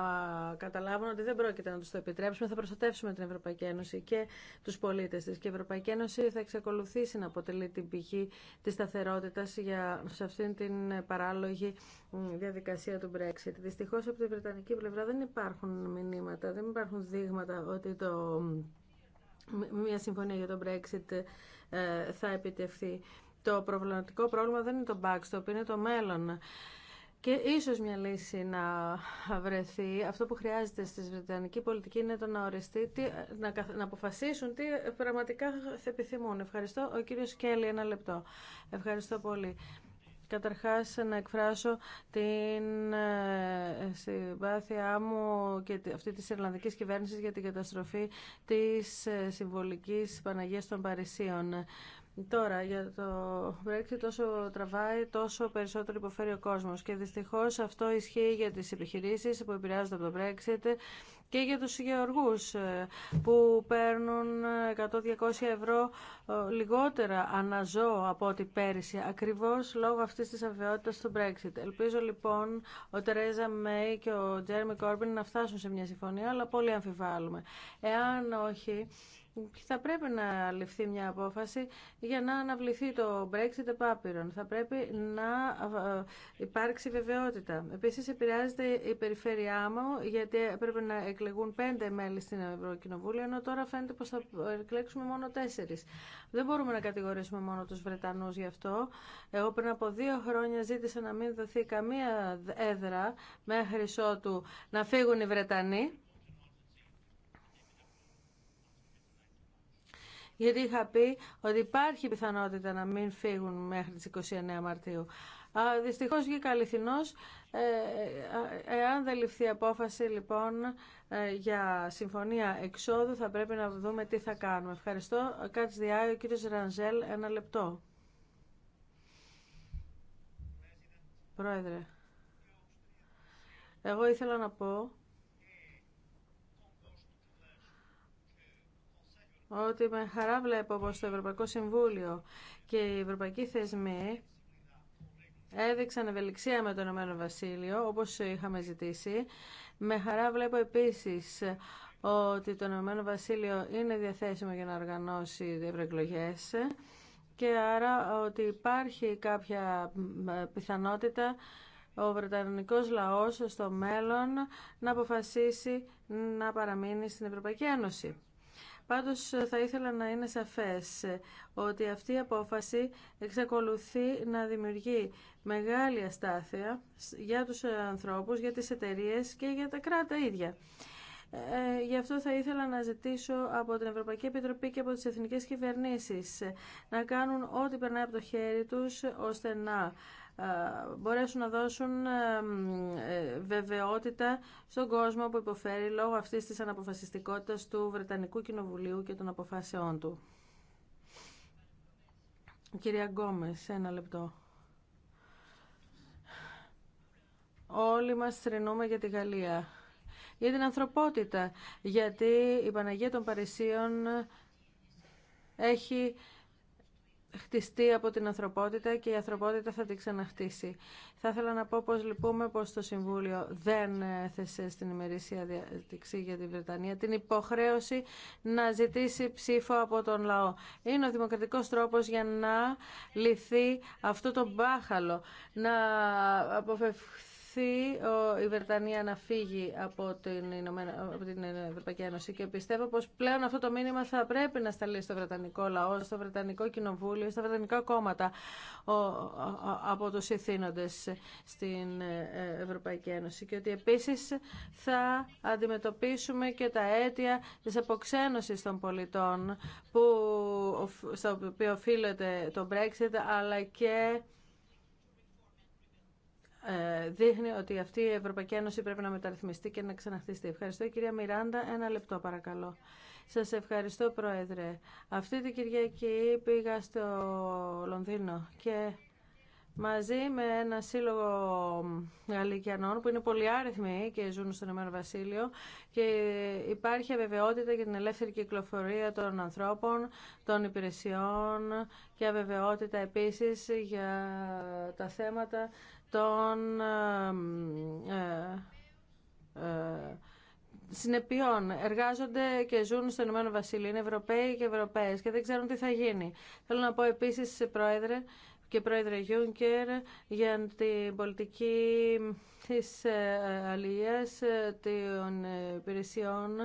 καταλάβουν ότι δεν πρόκειται να τους το επιτρέψουμε, θα προστατεύσουμε την Ευρωπαϊκή Ένωση και τους πολίτες της. Και η Ευρωπαϊκή Ένωση θα εξακολουθήσει να αποτελεί την πηγή της σταθερότητας για, σε αυτήν την παράλογη διαδικασία του Brexit. Δυστυχώς από την Βρετανική πλευρά δεν υπάρχουν μηνύματα, δεν υπάρχουν δείγματα ότι το μια συμφωνία για τον Brexit ε, θα επιτευχθεί. Το προβληματικό πρόβλημα δεν είναι το backstop, είναι το μέλλον. Και ίσως μια λύση να βρεθεί. Αυτό που χρειάζεται στη βρετανική πολιτική είναι το να οριστεί, να αποφασίσουν τι πραγματικά θα επιθυμούν. Ευχαριστώ. Ο κύριος Κέλλη, ένα λεπτό. Ευχαριστώ πολύ. Καταρχάς να εκφράσω την ε, συμπάθειά μου και αυτή της Ιρλανδικής κυβέρνησης για την καταστροφή της ε, συμβολικής Παναγίας των Παρισίων. Τώρα, για το Brexit τόσο τραβάει, τόσο περισσότερο υποφέρει ο κόσμος και δυστυχώς αυτό ισχύει για τις επιχειρήσεις που επηρεάζονται από το Brexit και για τους γεωργούς ε, που παίρνουν 100-200 ε, ευρώ ε, λιγότερα αναζώ από ό,τι πέρυσι, ακριβώς λόγω αυτής της αβεβαιότητας του Brexit. Ελπίζω λοιπόν ο Τερέζα Μέι και ο Τζέρμι Κόρμπιν να φτάσουν σε μια συμφωνία, αλλά πολύ αμφιβάλλουμε. Εάν όχι, θα πρέπει να ληφθεί μια απόφαση για να αναβληθεί το Brexit επάπειρον. Θα πρέπει να ε, υπάρξει βεβαιότητα. Επίσης επηρεάζεται η περιφέρειά μου γιατί πρέπει να εκλεγούν πέντε μέλη στην Ευρωκοινοβούλια, ενώ τώρα φαίνεται πως θα εκλέξουμε μόνο τέσσερις. Δεν μπορούμε να κατηγορήσουμε μόνο τους Βρετανούς γι' αυτό. Εγώ πριν από δύο χρόνια ζήτησα να μην δοθεί καμία έδρα μέχρι ότου να φύγουν οι Βρετανοί γιατί είχα πει ότι υπάρχει πιθανότητα να μην φύγουν μέχρι τις 29 Μαρτίου. Δυστυχώς βγήκα αληθινός. Ε, ε, εάν δεν ληφθεί απόφαση λοιπόν ε, για συμφωνία εξόδου θα πρέπει να δούμε τι θα κάνουμε. Ευχαριστώ. Κάτσε διάει ο κύριος Ρανζέλ ένα λεπτό. Πρόεδρε, εγώ ήθελα να πω ότι με χαρά βλέπω πως το Ευρωπαϊκό Συμβούλιο και οι ευρωπαϊκοί θεσμοί έδειξαν ευελιξία με το Ηνωμένο Βασίλειο, όπως είχαμε ζητήσει. Με χαρά βλέπω επίσης ότι το Ηνωμένο Βασίλειο είναι διαθέσιμο για να οργανώσει ευρωεκλογέ και άρα ότι υπάρχει κάποια ε, πιθανότητα ο Βρετανικός λαός στο μέλλον να αποφασίσει να παραμείνει στην Ευρωπαϊκή Ένωση. Πάντως ε, θα ήθελα να είναι σαφές ε, ότι αυτή η απόφαση εξακολουθεί να δημιουργεί μεγάλη αστάθεια για τους ε, ανθρώπους, για τις εταιρείες και για τα κράτα ίδια. Γι' αυτό θα ήθελα να ζητήσω από την Ευρωπαϊκή Επιτροπή και από τις εθνικές κυβερνήσεις να κάνουν ό,τι περνάει από το χέρι τους ώστε να ε, μπορέσουν να δώσουν ε, ε, βεβαιότητα στον κόσμο που υποφέρει λόγω αυτής της αναποφασιστικότητας του Βρετανικού Κοινοβουλίου και των αποφάσεών του. Κυρία Γκόμες, ένα λεπτό. Όλοι μας θρυνούμε για τη Γαλλία, για την ανθρωπότητα, γιατί η Παναγία των Παρισίων έχει χτιστεί από την ανθρωπότητα και η ανθρωπότητα θα την ξαναχτίσει. Θα ήθελα να πω πως λυπούμε πως το Συμβούλιο δεν έθεσε στην ημερήσια διατηξή για τη Βρετανία την υποχρέωση να ζητήσει ψήφο από τον λαό. Είναι ο δημοκρατικός τρόπος για να λυθεί αυτό το μπάχαλο, να αποφευθεί η Βρετανία να φύγει από την, Ευρωπαϊκή Ένωση και πιστεύω πως πλέον αυτό το μήνυμα θα πρέπει να σταλεί στο Βρετανικό λαό, στο Βρετανικό Κοινοβούλιο, στα Βρετανικά κόμματα από τους ηθήνοντες στην ε, Ευρωπαϊκή Ένωση και ότι επίσης θα αντιμετωπίσουμε και τα αίτια της αποξένωσης των πολιτών που, οποίο οφείλεται το Brexit αλλά και ε, δείχνει ότι αυτή η Ευρωπαϊκή Ένωση πρέπει να μεταρρυθμιστεί και να ξαναχτιστεί. Ευχαριστώ κυρία Μιράντα. Ένα λεπτό παρακαλώ. Σας ευχαριστώ Πρόεδρε. Αυτή την Κυριακή πήγα στο Λονδίνο και μαζί με ένα σύλλογο Γαλλικιανών που είναι πολύ άριθμοι και ζουν στον Ηνωμένο Βασίλειο και υπάρχει αβεβαιότητα για την ελεύθερη κυκλοφορία των ανθρώπων, των υπηρεσιών και αβεβαιότητα επίσης για τα θέματα των ε, ε, ε, συνεπειών. Εργάζονται και ζουν στο Ηνωμένο Βασίλειο. Είναι Ευρωπαίοι και Ευρωπαίες και δεν ξέρουν τι θα γίνει. Θέλω να πω επίσης, Πρόεδρε, και πρόεδρε Γιούνκερ για την πολιτική της αλληλείας των υπηρεσιών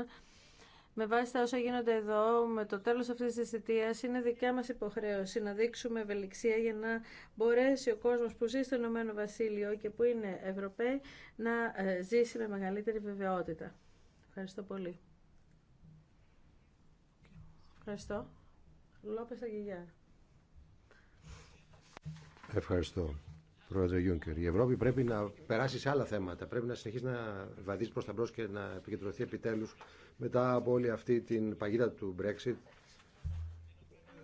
με βάση τα όσα γίνονται εδώ, με το τέλος αυτής της θητείας, είναι δικιά μας υποχρέωση να δείξουμε ευελιξία για να μπορέσει ο κόσμος που ζει στον Ηνωμένο Βασίλειο και που είναι Ευρωπαίοι να ε, ζήσει με μεγαλύτερη βεβαιότητα. Ευχαριστώ πολύ. Ευχαριστώ. Λόπες Αγγιγιά. Ευχαριστώ. Πρόεδρε η Ευρώπη πρέπει να περάσει σε άλλα θέματα. Πρέπει να συνεχίσει να βαδίζει προ τα μπρο και να επικεντρωθεί επιτέλου μετά από όλη αυτή την παγίδα του Brexit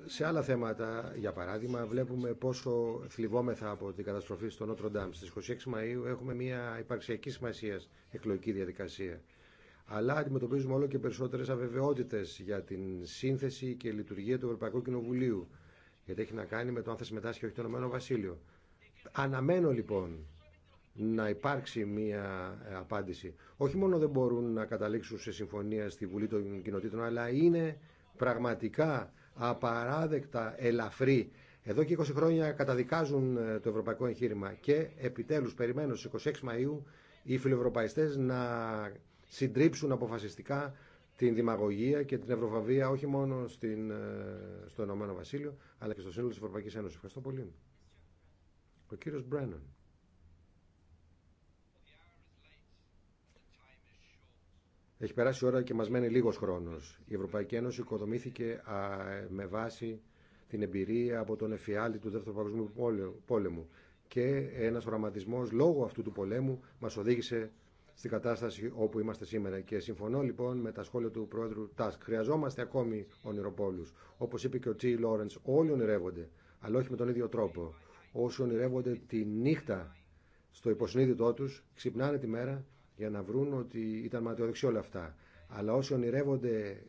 σε άλλα θέματα, για παράδειγμα, βλέπουμε πόσο θλιβόμεθα από την καταστροφή στο Νότρο Ντάμ. Στις 26 Μαΐου έχουμε μια υπαρξιακή σημασία εκλογική διαδικασία. Αλλά αντιμετωπίζουμε όλο και περισσότερες αβεβαιότητες για την σύνθεση και λειτουργία του Ευρωπαϊκού Κοινοβουλίου. Γιατί έχει να κάνει με το αν θα συμμετάσχει όχι το Βασίλειο. Αναμένω λοιπόν να υπάρξει μία ε, απάντηση. Όχι μόνο δεν μπορούν να καταλήξουν σε συμφωνία στη Βουλή των Κοινοτήτων, αλλά είναι πραγματικά απαράδεκτα ελαφρύ. Εδώ και 20 χρόνια καταδικάζουν ε, το ευρωπαϊκό εγχείρημα και επιτέλους περιμένω στις 26 Μαΐου οι φιλοευρωπαϊστές να συντρίψουν αποφασιστικά την δημαγωγία και την ευρωβαβία όχι μόνο στην, ε, στο Ηνωμένο Βασίλειο αλλά και στο σύνολο της Ευρωπαϊκής Ένωσης. Ευχαριστώ πολύ. Ο κύριος Μπρένον. Έχει περάσει η ώρα και μας μένει λίγος χρόνος. Η Ευρωπαϊκή Ένωση οικοδομήθηκε με βάση την εμπειρία από τον εφιάλτη του Δεύτερου Παγκοσμίου Πόλεμου και ένας οραματισμός λόγω αυτού του πολέμου μας οδήγησε στην κατάσταση όπου είμαστε σήμερα. Και συμφωνώ λοιπόν με τα σχόλια του Πρόεδρου Τάσκ. Χρειαζόμαστε ακόμη ονειροπόλους. Όπως είπε και ο Τζι Λόρενς, όλοι ονειρεύονται, αλλά όχι με τον ίδιο τρόπο. Όσοι ονειρεύονται τη νύχτα στο υποσυνείδητό τους, ξυπνάνε τη μέρα για να βρουν ότι ήταν ματαιοδεξιό όλα αυτά. Αλλά όσοι ονειρεύονται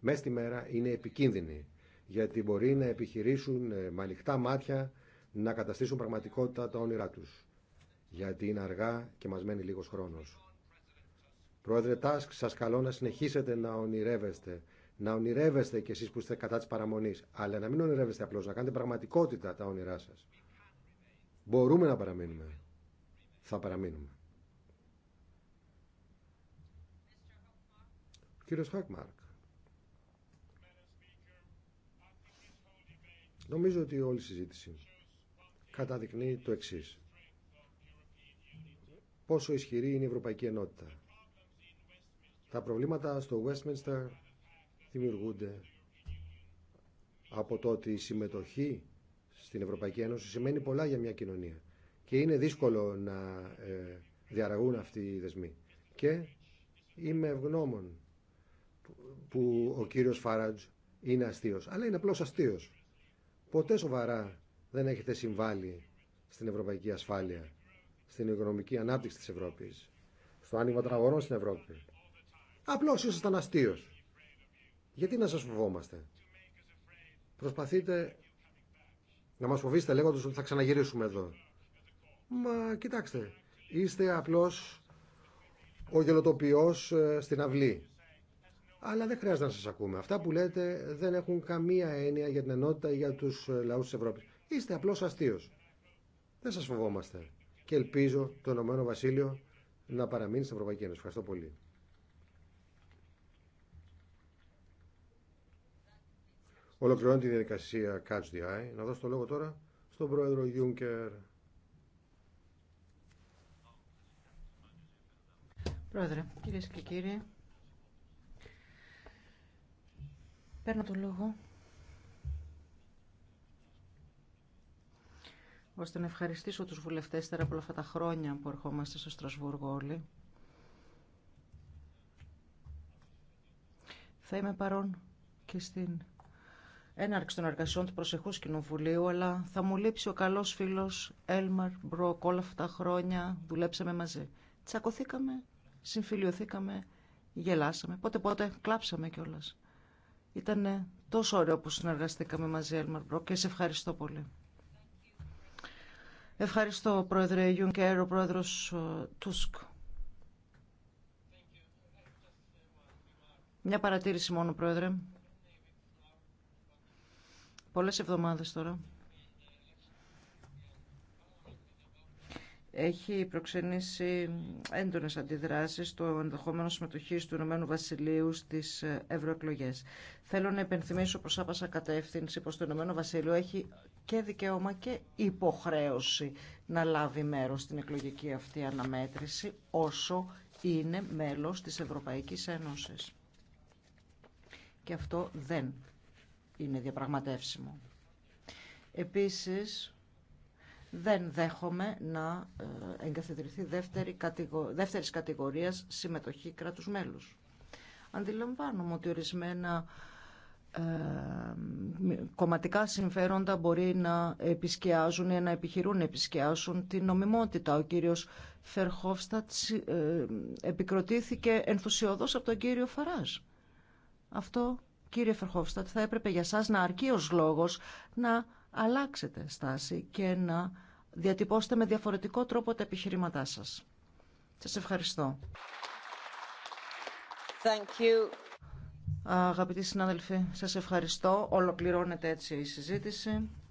μέσα στη μέρα είναι επικίνδυνοι, γιατί μπορεί να επιχειρήσουν ε, με ανοιχτά μάτια να καταστήσουν πραγματικότητα τα όνειρά τους, γιατί είναι αργά και μας μένει λίγος χρόνος. Πρόεδρε Τάσκ, σας καλώ να συνεχίσετε να ονειρεύεστε, να ονειρεύεστε κι εσείς που είστε κατά της παραμονής, αλλά να μην ονειρεύεστε απλώς, να κάνετε πραγματικότητα τα όνειρά σας. Μπορούμε να παραμείνουμε. Θα παραμείνουμε. Κύριος Χακμάρκ. Νομίζω ότι όλη η συζήτηση καταδεικνύει το εξής. Πόσο ισχυρή είναι η Ευρωπαϊκή Ενότητα. Τα προβλήματα στο Westminster δημιουργούνται από το ότι η συμμετοχή στην Ευρωπαϊκή Ένωση σημαίνει πολλά για μια κοινωνία. Και είναι δύσκολο να ε, διαραγούν αυτοί οι δεσμοί. Και είμαι ευγνώμων που ο κύριος Φάραντζ είναι αστείος. Αλλά είναι απλώς αστείος. Ποτέ σοβαρά δεν έχετε συμβάλει στην ευρωπαϊκή ασφάλεια, στην οικονομική ανάπτυξη της Ευρώπης, στο άνοιγμα των αγορών στην Ευρώπη. Απλώς ήσασταν αστείος. Γιατί να σας φοβόμαστε. Προσπαθείτε να μας φοβήσετε λέγοντας ότι θα ξαναγυρίσουμε εδώ. Μα κοιτάξτε, είστε απλώς ο γελοτοποιός ε, στην αυλή αλλά δεν χρειάζεται να σα ακούμε. Αυτά που λέτε δεν έχουν καμία έννοια για την ενότητα ή για του ε, λαού τη Ευρώπη. Είστε απλώ αστείο. Δεν σα φοβόμαστε. Και ελπίζω το Ηνωμένο Βασίλειο να παραμείνει στην Ευρωπαϊκή Ένωση. Ευχαριστώ πολύ. Ολοκληρώνω τη διαδικασία Catch the Eye. Να δώσω το λόγο τώρα στον πρόεδρο Γιούνκερ. Πρόεδρε, κυρίε και κύριοι, Παίρνω τον λόγο. ώστε να ευχαριστήσω τους βουλευτές τώρα από αυτά τα χρόνια που ερχόμαστε στο Στρασβούργο όλοι. Θα είμαι παρόν και στην έναρξη των εργασιών του Προσεχούς Κοινοβουλίου, αλλά θα μου λείψει ο καλός φίλος Έλμαρ Μπροκ. Όλα αυτά τα χρόνια δουλέψαμε μαζί. Τσακωθήκαμε, συμφιλιωθήκαμε, γελάσαμε, πότε πότε κλάψαμε κιόλας. Ήταν τόσο ωραίο που συνεργαστήκαμε μαζί, Έλμαρ Μπρο, και σε ευχαριστώ πολύ. Ευχαριστώ, Πρόεδρε Γιούνκερ, ο Πρόεδρος Τούσκ. Μια παρατήρηση μόνο, Πρόεδρε. Πολλές εβδομάδες τώρα. έχει προξενήσει έντονες αντιδράσεις στο ενδεχόμενο συμμετοχή του Ηνωμένου Βασιλείου στις ευρωεκλογέ. Θέλω να υπενθυμίσω προς άπασα κατεύθυνση πως το Ηνωμένο Βασίλειο έχει και δικαίωμα και υποχρέωση να λάβει μέρος στην εκλογική αυτή αναμέτρηση όσο είναι μέλος της Ευρωπαϊκής Ένωσης. Και αυτό δεν είναι διαπραγματεύσιμο. Επίσης, δεν δέχομαι να ε, εγκαθιδρυθεί δεύτερη κατηγο... δεύτερης κατηγορίας συμμετοχή κράτους μέλους. Αντιλαμβάνομαι ότι ορισμένα ε, κομματικά συμφέροντα μπορεί να επισκιάζουν ή να επιχειρούν να επισκιάσουν την νομιμότητα. Ο κύριος Φερχόφστατ ε, επικροτήθηκε ενθουσιοδός από τον κύριο Φαράζ. Αυτό, κύριε Φερχόφστατ, θα έπρεπε για σας να αρκεί ως λόγος να αλλάξετε στάση και να διατυπώσετε με διαφορετικό τρόπο τα επιχειρήματά σας. Σας ευχαριστώ. Thank you. Αγαπητοί συνάδελφοι, σας ευχαριστώ. Ολοκληρώνεται έτσι η συζήτηση.